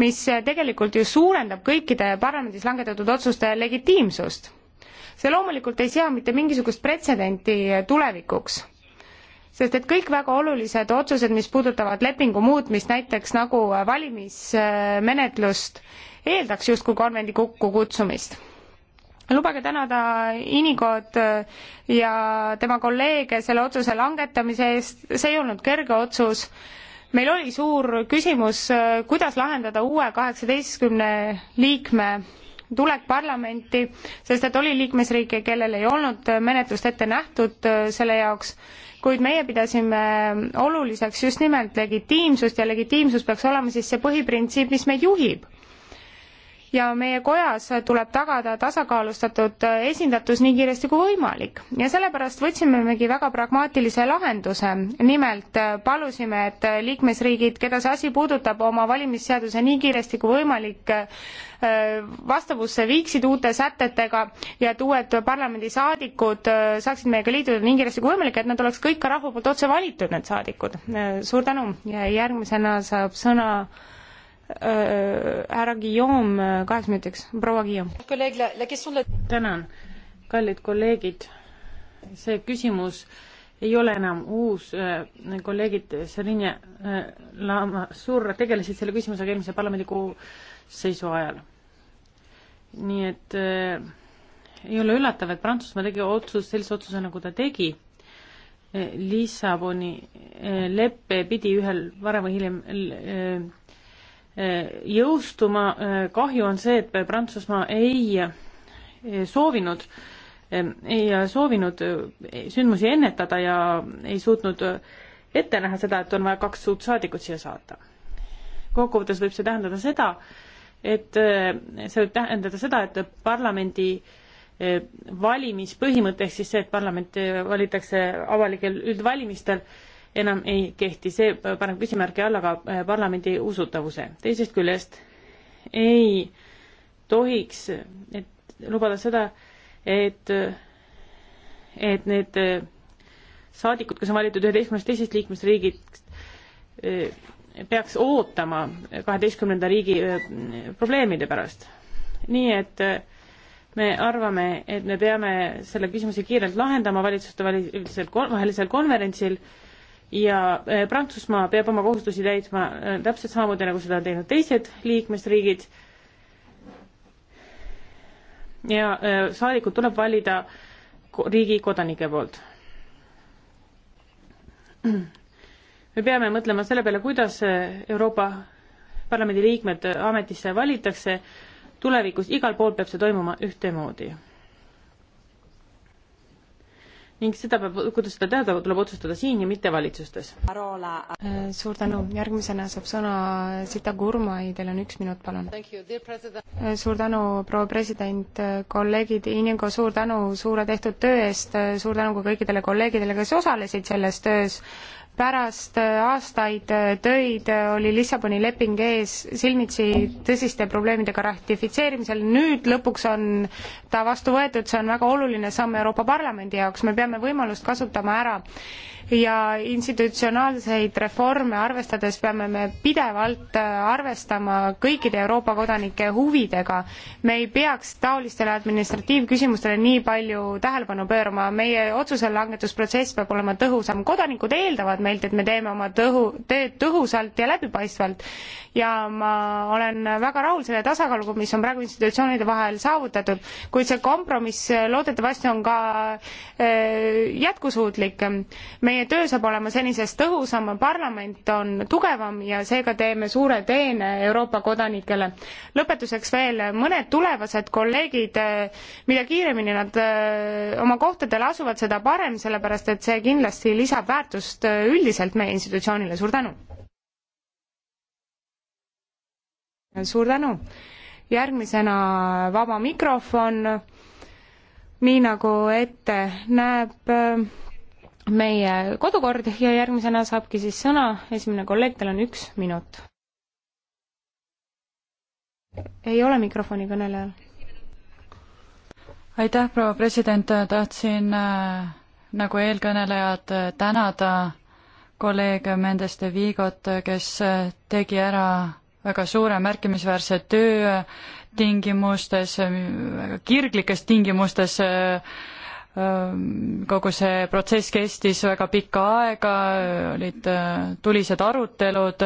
mis tegelikult ju suurendab kõikide parlamendis langetatud otsuste legitiimsust. see loomulikult ei sea mitte mingisugust pretsedenti tulevikuks sest et kõik väga olulised otsused, mis puudutavad lepingu muutmist, näiteks nagu valimismenetlust äh,, eeldaks justkui konvendi kokkukutsumist lubage tänada Inigot äh, ja tema kolleege selle otsuse langetamise eest, see ei olnud kerge otsus. meil oli suur küsimus, äh, kuidas lahendada uue kaheksateistkümne liikme tulek parlamenti, sest et oli liikmesriike, kellel ei olnud äh, menetlust ette nähtud selle jaoks, kuid meie pidasime oluliseks just nimelt legitiimsust ja legitiimsus peaks olema siis see põhiprintsiip, mis meid juhib ja meie kojas tuleb tagada tasakaalustatud äh, esindatus nii kiiresti kui võimalik. ja sellepärast võtsimegi väga pragmaatilise lahenduse. nimelt äh, palusime, et äh, liikmesriigid, keda see asi puudutab, oma valimisseaduse nii kiiresti kui võimalik vastavusse viiksid uute sätetega ja et uued parlamendisaadikud saaksid meiega liituda nii kiiresti kui võimalik, et nad oleks kõik ka rahva poolt otse valitud, need saadikud. suur tänu ja järgmisena saab sõna Äh, härra Guillaume äh, kaheks minutiks, proua Guillaume. tänan, kallid kolleegid. see küsimus ei ole enam uus, äh, kolleegid Serine Lamassur tegelesid selle küsimusega eelmise parlamendi koosseisu ajal. nii et äh, ei ole üllatav, et Prantsusmaa tegi otsus, sellise otsuse, nagu ta tegi. Lissaboni leppe pidi ühel varem või hiljem jõustuma. kahju on see, et Prantsusmaa ei eh, soovinud, eh, ei eh, soovinud sündmusi ennetada ja ei suutnud ette näha seda, et on vaja kaks uut saadikut siia saata. kokkuvõttes võib see tähendada seda, et see võib tähendada seda, et parlamendi valimispõhimõte ehk siis see, et parlament valitakse avalikel üldvalimistel, enam ei kehti, see paneb küsimärgi alla ka eh, parlamendi usutavuse. teisest küljest ei tohiks et lubada seda, et, et need eh, saadikud, kes on valitud üheteistkümnest teisest liikmesriigist, eh, peaks ootama kaheteistkümnenda riigi probleemide pärast. nii et me arvame, et me peame selle küsimuse kiirelt lahendama valitsuste vahelisel konverentsil ja äh, Prantsusmaa peab oma kohustusi täitma äh, täpselt samamoodi, nagu seda on teinud teised liikmesriigid. ja äh, saadikud tuleb valida riigi kodanike poolt. me peame mõtlema selle peale, kuidas Euroopa Parlamendi liikmed ametisse valitakse, tulevikus igal pool peab see toimuma ühtemoodi ning seda peab, kuidas seda teha, tuleb otsustada siin ja mitte valitsustes. suur tänu, järgmisena saab sõna Sita Gurmai, teil on üks minut, palun. suur tänu, proua president, kolleegid, Inigo, suur tänu suure tehtud töö eest, suur tänu ka kõikidele kolleegidele, kes osalesid selles töös pärast äh, aastaid äh, töid äh, oli Lissaboni leping ees silmitsi tõsiste probleemidega ratifitseerimisel, nüüd lõpuks on ta vastu võetud, see on väga oluline samm Euroopa Parlamendi jaoks, me peame võimalust kasutama ära ja institutsionaalseid reforme arvestades peame me pidevalt äh, arvestama kõikide Euroopa kodanike huvidega. me ei peaks taolistele administratiivküsimustele nii palju tähelepanu pöörama, meie otsuse langetusprotsess peab olema tõhusam, kodanikud eeldavad meilt, et me teeme oma tõhu, tööd tõhusalt ja läbipaistvalt. ja ma olen väga rahul selle tasakaaluga, mis on praegu institutsioonide vahel saavutatud, kuid see kompromiss loodetavasti on ka äh, jätkusuutlik. me meie töö saab olema senisest tõhusam, parlament on tugevam ja seega teeme suure teene Euroopa kodanikele. lõpetuseks veel mõned tulevased kolleegid, mida kiiremini nad oma kohtadele asuvad, seda parem, sellepärast et see kindlasti lisab väärtust üldiselt meie institutsioonile, suur tänu! suur tänu! järgmisena vaba mikrofon, nii nagu ette näeb meie kodukord ja järgmisena saabki siis sõna esimene kolleeg, tal on üks minut. ei ole mikrofoni kõnelejal. aitäh, proua president, tahtsin äh, nagu eelkõnelejad äh, tänada kolleeg Mendes de Vigot, äh, kes äh, tegi ära väga suure märkimisväärse töö tingimustes, kirglikes tingimustes äh, kogu see protsess kestis väga pikka aega, olid tulised arutelud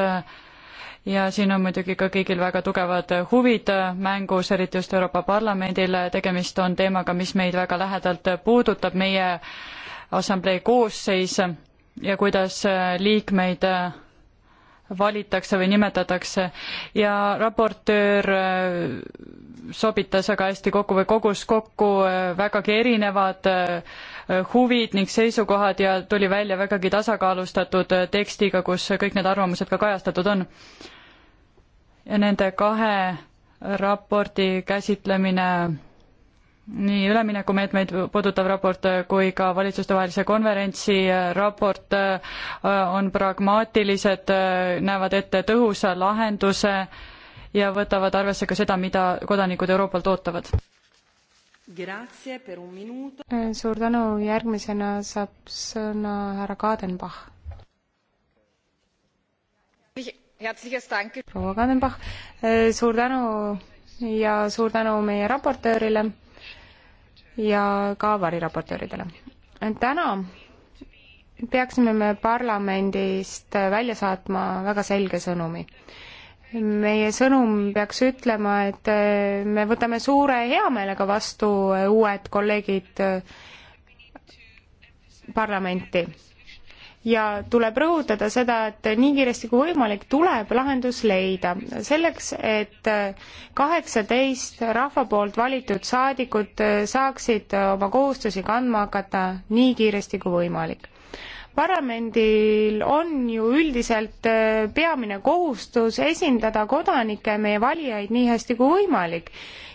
ja siin on muidugi ka kõigil väga tugevad huvid mängus, eriti just Euroopa Parlamendil, tegemist on teemaga, mis meid väga lähedalt puudutab, meie assamblee koosseis ja kuidas liikmeid valitakse või nimetatakse ja raportöör äh, sobitas väga hästi kokku või kogus kokku äh, vägagi erinevad äh, huvid ning seisukohad ja tuli välja vägagi tasakaalustatud tekstiga, kus kõik need arvamused ka kajastatud on. ja nende kahe raporti käsitlemine nii üleminekumeetmeid puudutav raport kui ka valitsustevahelise konverentsi raport äh, on pragmaatilised, äh, näevad ette tõhusa lahenduse ja võtavad arvesse ka seda, mida kodanikud Euroopalt ootavad. Äh, suur tänu, järgmisena saab sõna härra Kadenbach. proua Kadenbach, suur tänu ja suur tänu meie raportöörile ja ka variraportööridele. täna peaksime me parlamendist välja saatma väga selge sõnumi. meie sõnum peaks ütlema, et me võtame suure heameelega vastu uued kolleegid parlamenti ja tuleb rõhutada seda, et nii kiiresti kui võimalik, tuleb lahendus leida. selleks, et kaheksateist rahva poolt valitud saadikud saaksid oma kohustusi kandma hakata nii kiiresti kui võimalik. parlamendil on ju üldiselt peamine kohustus esindada kodanikke, meie valijaid nii hästi kui võimalik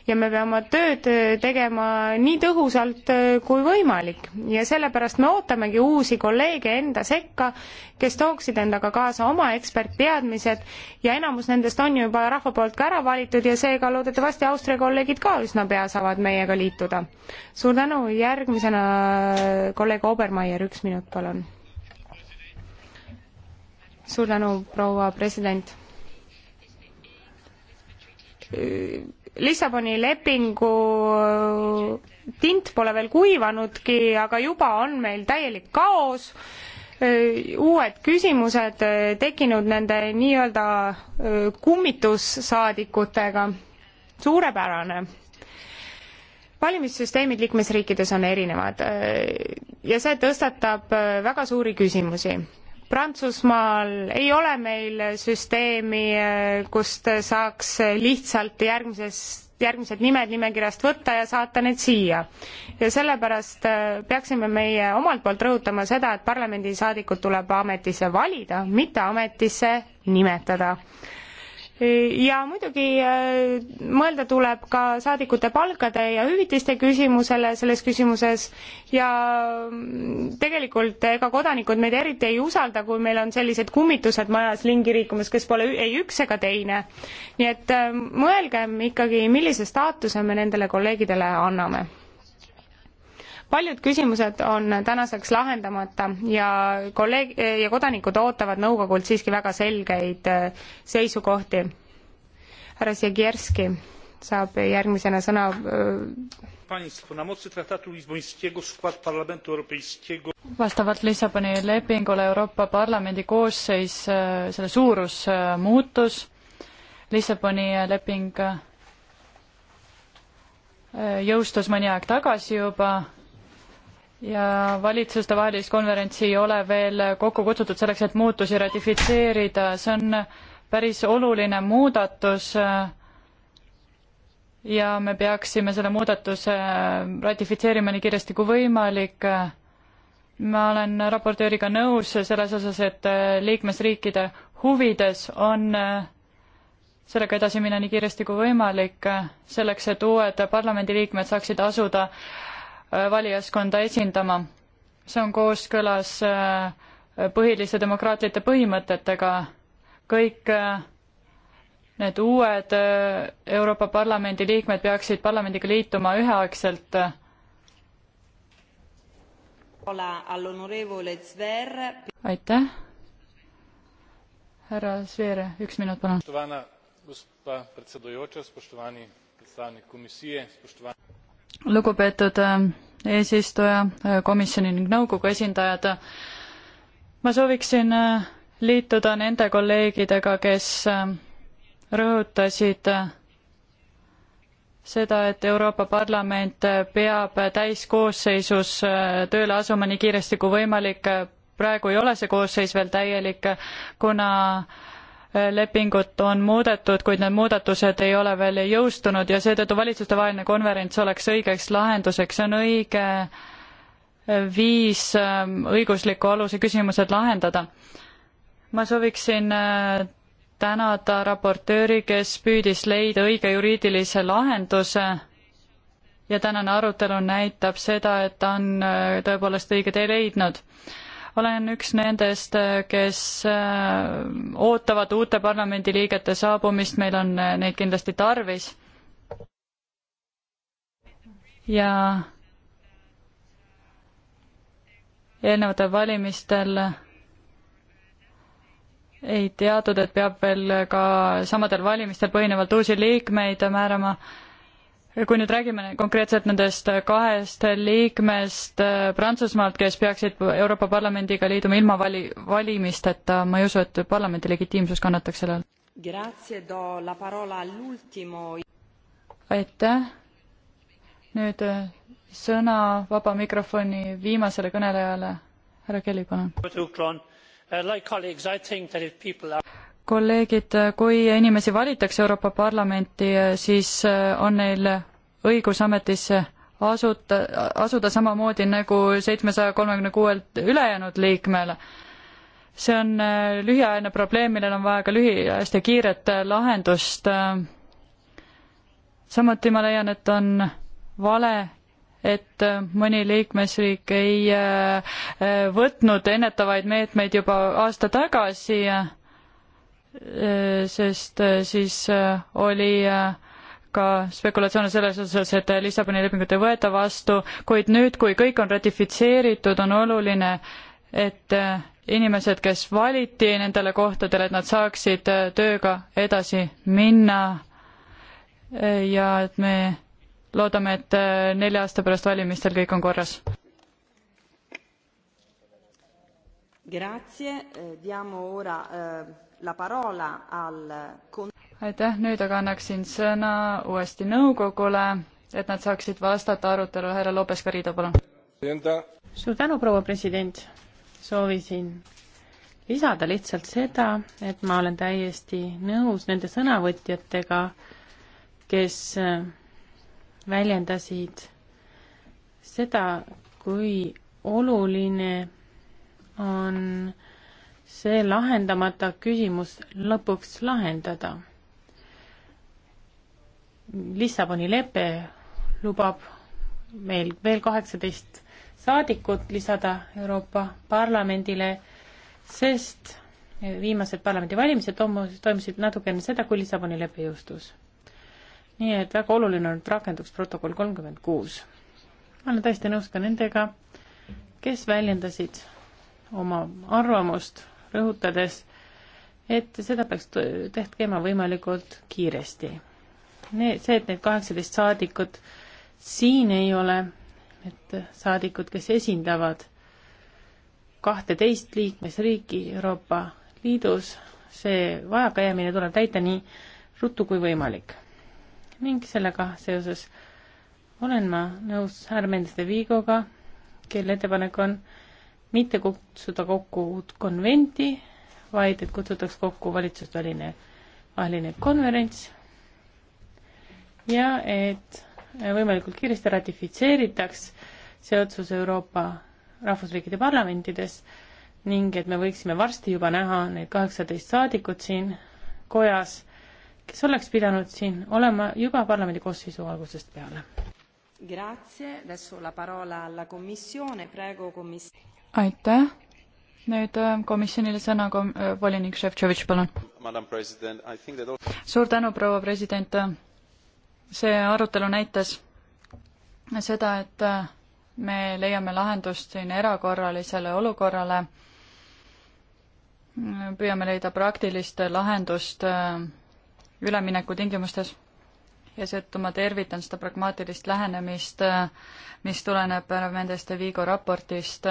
ja me peame tööd äh, tegema nii tõhusalt äh, kui võimalik ja sellepärast me ootamegi uusi kolleege enda sekka, kes tooksid endaga kaasa oma ekspertteadmised ja enamus nendest on ju juba rahva poolt ka ära valitud ja seega loodetavasti Austria kolleegid ka üsna pea saavad meiega liituda. suur tänu, järgmisena äh, kolleeg Obermeier, üks minut, palun. suur tänu, proua president Lissaboni lepingu äh, tint pole veel kuivanudki, aga juba on meil täielik kaos, äh, uued küsimused äh, tekkinud nende nii-öelda kummitussaadikutega. suurepärane. valimissüsteemid liikmesriikides on erinevad ja see tõstatab väga suuri küsimusi Prantsusmaal ei ole meil süsteemi, eh, kust saaks lihtsalt järgmisest järgmised nimed nimekirjast võtta ja saata need siia. ja sellepärast eh, peaksime meie omalt poolt rõhutama seda, et parlamendisaadikud tuleb ametisse valida, mitte ametisse nimetada ja muidugi äh, mõelda tuleb ka saadikute palkade ja hüvitiste küsimusele selles küsimuses ja mm, tegelikult ega kodanikud meid eriti ei usalda, kui meil on sellised kummitused majas lingi liikumas, kes pole ei üks ega teine. nii et äh, mõelgem ikkagi, millise staatuse me nendele kolleegidele anname paljud küsimused on tänaseks lahendamata ja kolleeg- ja kodanikud ootavad nõukogult siiski väga selgeid äh, seisukohti. härra Siekierski saab järgmisena sõna. Äh, vastavalt Lissaboni lepingule Euroopa Parlamendi koosseis, äh, selle suurus muutus, Lissaboni leping jõustus mõni aeg tagasi juba ja valitsustevahelist konverentsi ei ole veel kokku kutsutud selleks, et muutusi ratifitseerida, see on päris oluline muudatus ja me peaksime selle muudatuse ratifitseerima nii kiiresti kui võimalik. ma olen raportööriga nõus selles osas, et liikmesriikide huvides on sellega edasi minna nii kiiresti kui võimalik, selleks et uued parlamendiliikmed saaksid asuda Äh, valijaskonda esindama. see on kooskõlas äh, põhilise demokraatlite põhimõtetega. kõik äh, need uued Euroopa Parlamendi liikmed peaksid parlamendiga liituma üheaegselt. aitäh. härra Zver, üks minut palun lugupeetud äh, eesistuja, äh, komisjoni ning nõukogu esindajad. ma sooviksin äh, liituda nende kolleegidega, kes rõhutasid seda, et Euroopa Parlament peab täiskoosseisus tööle asuma nii kiiresti kui võimalik. praegu ei ole see koosseis veel täielik, kuna lepingut on muudetud, kuid need muudatused ei ole veel jõustunud ja seetõttu valitsustevaheline konverents oleks õigeks lahenduseks, see on õige viis ähm, õigusliku aluse küsimused lahendada. ma sooviksin äh, tänada raportööri, kes püüdis leida õige juriidilise lahenduse ja tänane arutelu näitab seda, et ta on äh, tõepoolest õige tee leidnud olen üks nendest, kes äh, ootavad uute parlamendiliigete saabumist, meil on äh, neid kindlasti tarvis. ja eelnevatel valimistel ei teatud, et peab veel ka samadel valimistel põhinevalt uusi liikmeid määrama äh, kui nüüd räägime konkreetselt nendest kahest liikmest äh, Prantsusmaalt, kes peaksid Euroopa Parlamendiga liiduma ilma vali-, valimisteta, ma ei usu, et parlamendi legitiimsus kannataks selle all. aitäh, nüüd äh, sõna vaba mikrofoni viimasele kõnelejale, härra Kelly, palun kolleegid, kui inimesi valitakse Euroopa Parlamenti, siis äh, on neil õigus ametisse asuta, asuda samamoodi nagu seitsmesaja kolmekümne kuuelt ülejäänud liikmel. see on äh, lühiajaline probleem, millel on vaja ka lühiajalist ja kiiret äh, lahendust. samuti ma leian, et on vale et mõni liikmesriik ei võtnud ennetavaid meetmeid juba aasta tagasi Äh, sest äh, siis äh, oli ka spekulatsioone selles osas, et Lissaboni lepingut ei võeta vastu, kuid nüüd, kui kõik on ratifitseeritud, on oluline, et inimesed, kes valiti nendele kohtadele, et nad saaksid tööga edasi minna ja et me loodame, et nelja aasta pärast valimistel kõik on korras. Grazie, eh, diamo ora eh, la parola al aitäh, nüüd aga annaksin sõna uuesti nõukogule, et nad saaksid vastata arutelule, härra Lopes-Garrido, palun. suur tänu, proua president, soovisin lisada lihtsalt seda, et ma olen täiesti nõus nende sõnavõtjatega, kes äh, väljendasid seda, kui oluline on see lahendamata küsimus lõpuks lahendada. Lissaboni lepe lubab meil veel kaheksateist saadikut lisada Euroopa Parlamendile, sest viimased parlamendivalimised toimusid natuke enne seda, kui Lissaboni lepe jõustus. nii et väga oluline on, et rakenduks protokoll kolmkümmend kuus. ma olen täiesti nõus ka nendega, kes väljendasid oma arvamust, rõhutades, et seda peaks tegema võimalikult kiiresti. see, et need kaheksateist saadikut siin ei ole, et saadikud, kes esindavad kahteteist liikmesriiki Euroopa Liidus, see vajakajäämine tuleb täita nii ruttu kui võimalik. ning sellega seoses olen ma nõus härra Mendes de Vigoga, kelle ettepanek on äh, mitte kutsuda kokku uut konventi, vaid et kutsutaks kokku valitsusväline, vaheline konverents ja et võimalikult kiiresti ratifitseeritaks see otsus Euroopa rahvusriikide parlamentides ning et me võiksime varsti juba näha need kaheksateist saadikut siin kojas, kes oleks pidanud siin olema juba parlamendi koosseisu algusest peale. Grazie, adesso la parola alla commissione, prego commissione aitäh. nüüd äh, komisjonile sõna kom-, äh, volinik Šefčovitš, palun. suur tänu, proua president. see arutelu näitas seda, et äh, me leiame lahendust siin erakorralisele olukorrale, püüame leida praktilist lahendust ülemineku tingimustes ja seetõttu ma tervitan seda pragmaatilist lähenemist, mis tuleneb nendest Vigo raportist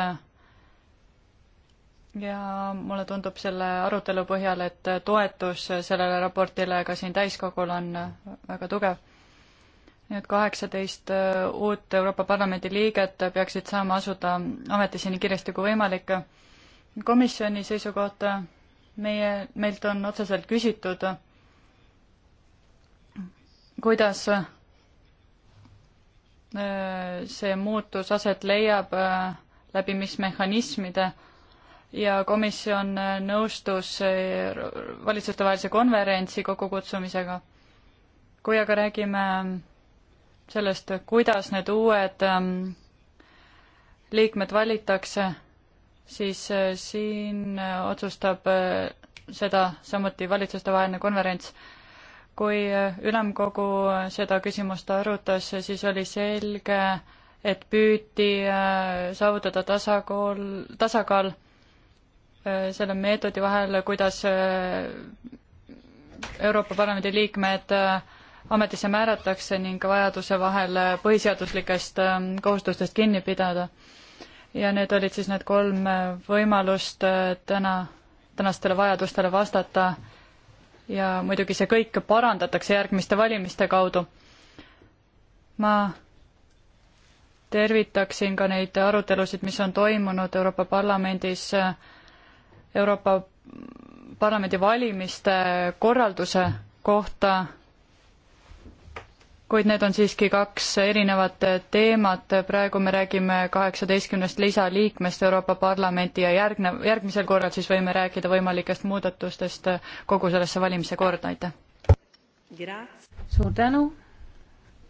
ja mulle tundub selle arutelu põhjal, et toetus sellele raportile ka siin täiskogul on väga tugev. nii et kaheksateist äh, uut Euroopa Parlamendi liiget peaksid saama asuda ametisse nii kiiresti kui võimalik. komisjoni seisukohta meie, meilt on otseselt küsitud, kuidas äh, see muutus aset leiab, äh, läbi mis mehhanismide ja komisjon nõustus valitsustevahelise konverentsi kokkukutsumisega. kui aga räägime sellest, kuidas need uued ähm, liikmed valitakse, siis äh, siin äh, otsustab äh, seda samuti valitsustevaheline konverents. kui ülemkogu seda küsimust arutas, siis oli selge, et püüti saavutada tasakaal, tasakaal Äh, selle meetodi vahel, kuidas äh, Euroopa Parlamendi liikmed äh, ametisse määratakse ning vajaduse vahel põhiseaduslikest ähm, kohustustest kinni pidada. ja need olid siis need kolm võimalust täna, tänastele vajadustele vastata ja muidugi see kõik parandatakse järgmiste valimiste kaudu. ma tervitaksin ka neid arutelusid, mis on toimunud Euroopa Parlamendis äh, Euroopa Parlamendi valimiste korralduse kohta, kuid need on siiski kaks erinevat teemat, praegu me räägime kaheksateistkümnest lisaliikmest Euroopa Parlamenti ja järgnev, järgmisel korral siis võime rääkida võimalikest muudatustest kogu sellesse valimise korda, aitäh! suur tänu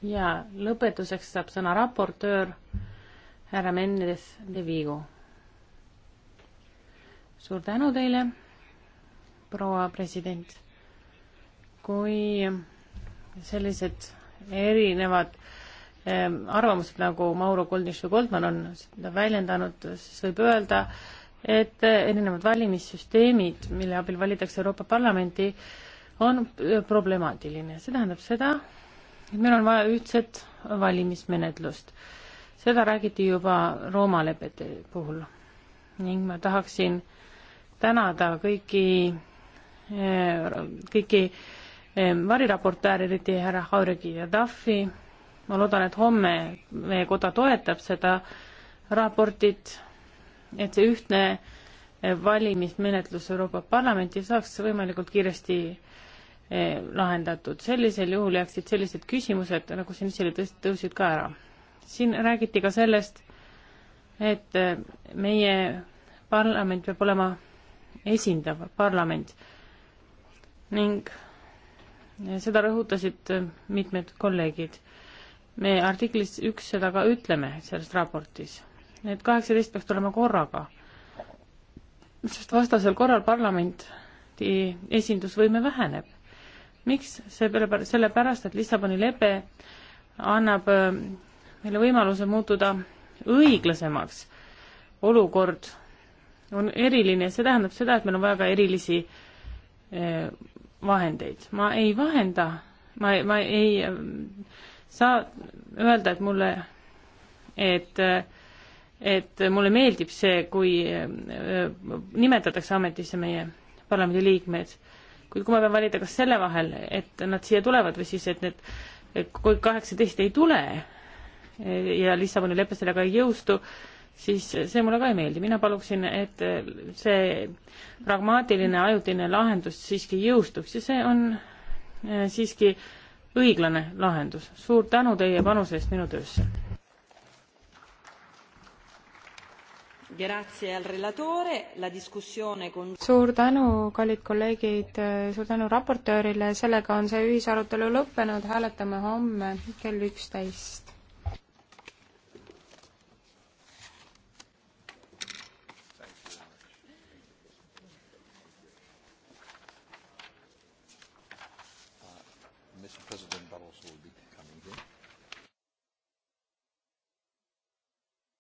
ja lõpetuseks saab sõna raportöör härra Mendes de Vigo suur tänu teile, proua president. kui sellised erinevad ehm, arvamused, nagu Mauro Kuldnis või Goldman on seda väljendanud, siis võib öelda, et erinevad valimissüsteemid, mille abil valitakse Euroopa Parlamenti, on eh, problemaatiline. see tähendab seda, et meil on vaja ühtset valimismenetlust. seda räägiti juba Rooma lepete puhul ning ma tahaksin äh, tänada kõiki, kõiki ehm, variraportööre, eriti härra Hauregi ja Tafi. ma loodan, et homme meie koda toetab seda raportit, et see ühtne eh, valimismenetlus Euroopa Parlamenti saaks võimalikult kiiresti eh, lahendatud. sellisel juhul jääksid sellised küsimused, nagu siin esile tõst-, tõusid ka ära. siin räägiti ka sellest, et eh, meie parlament peab olema esindav parlament ning seda rõhutasid mitmed kolleegid. me artiklis üks seda ka ütleme selles raportis, et kaheksateist peaks tulema korraga, sest vastasel korral parlamenti esindusvõime väheneb. miks? sellepärast, sellepärast, et Lissaboni lepe annab äh, meile võimaluse muutuda õiglasemaks olukord on eriline, see tähendab seda, et meil on vaja ka erilisi eh, vahendeid. ma ei vahenda, ma, ma ei eh, saa öelda, et mulle, et eh, et mulle meeldib see, kui nimetatakse ametisse meie parlamendiliikmed, kuid kui ma pean valida kas selle vahel, et nad siia tulevad või siis, et need et kui kaheksateist ei tule ja Lissaboni lepe sellega ei jõustu, siis see mulle ka ei meeldi. mina paluksin, et see pragmaatiline ajutine lahendus siiski jõustuks ja see on eh, siiski õiglane lahendus. suur tänu teie panuse eest minu töösse. suur tänu, kallid kolleegid, suur tänu raportöörile, sellega on see ühisarutelu lõppenud, hääletame homme kell üksteist.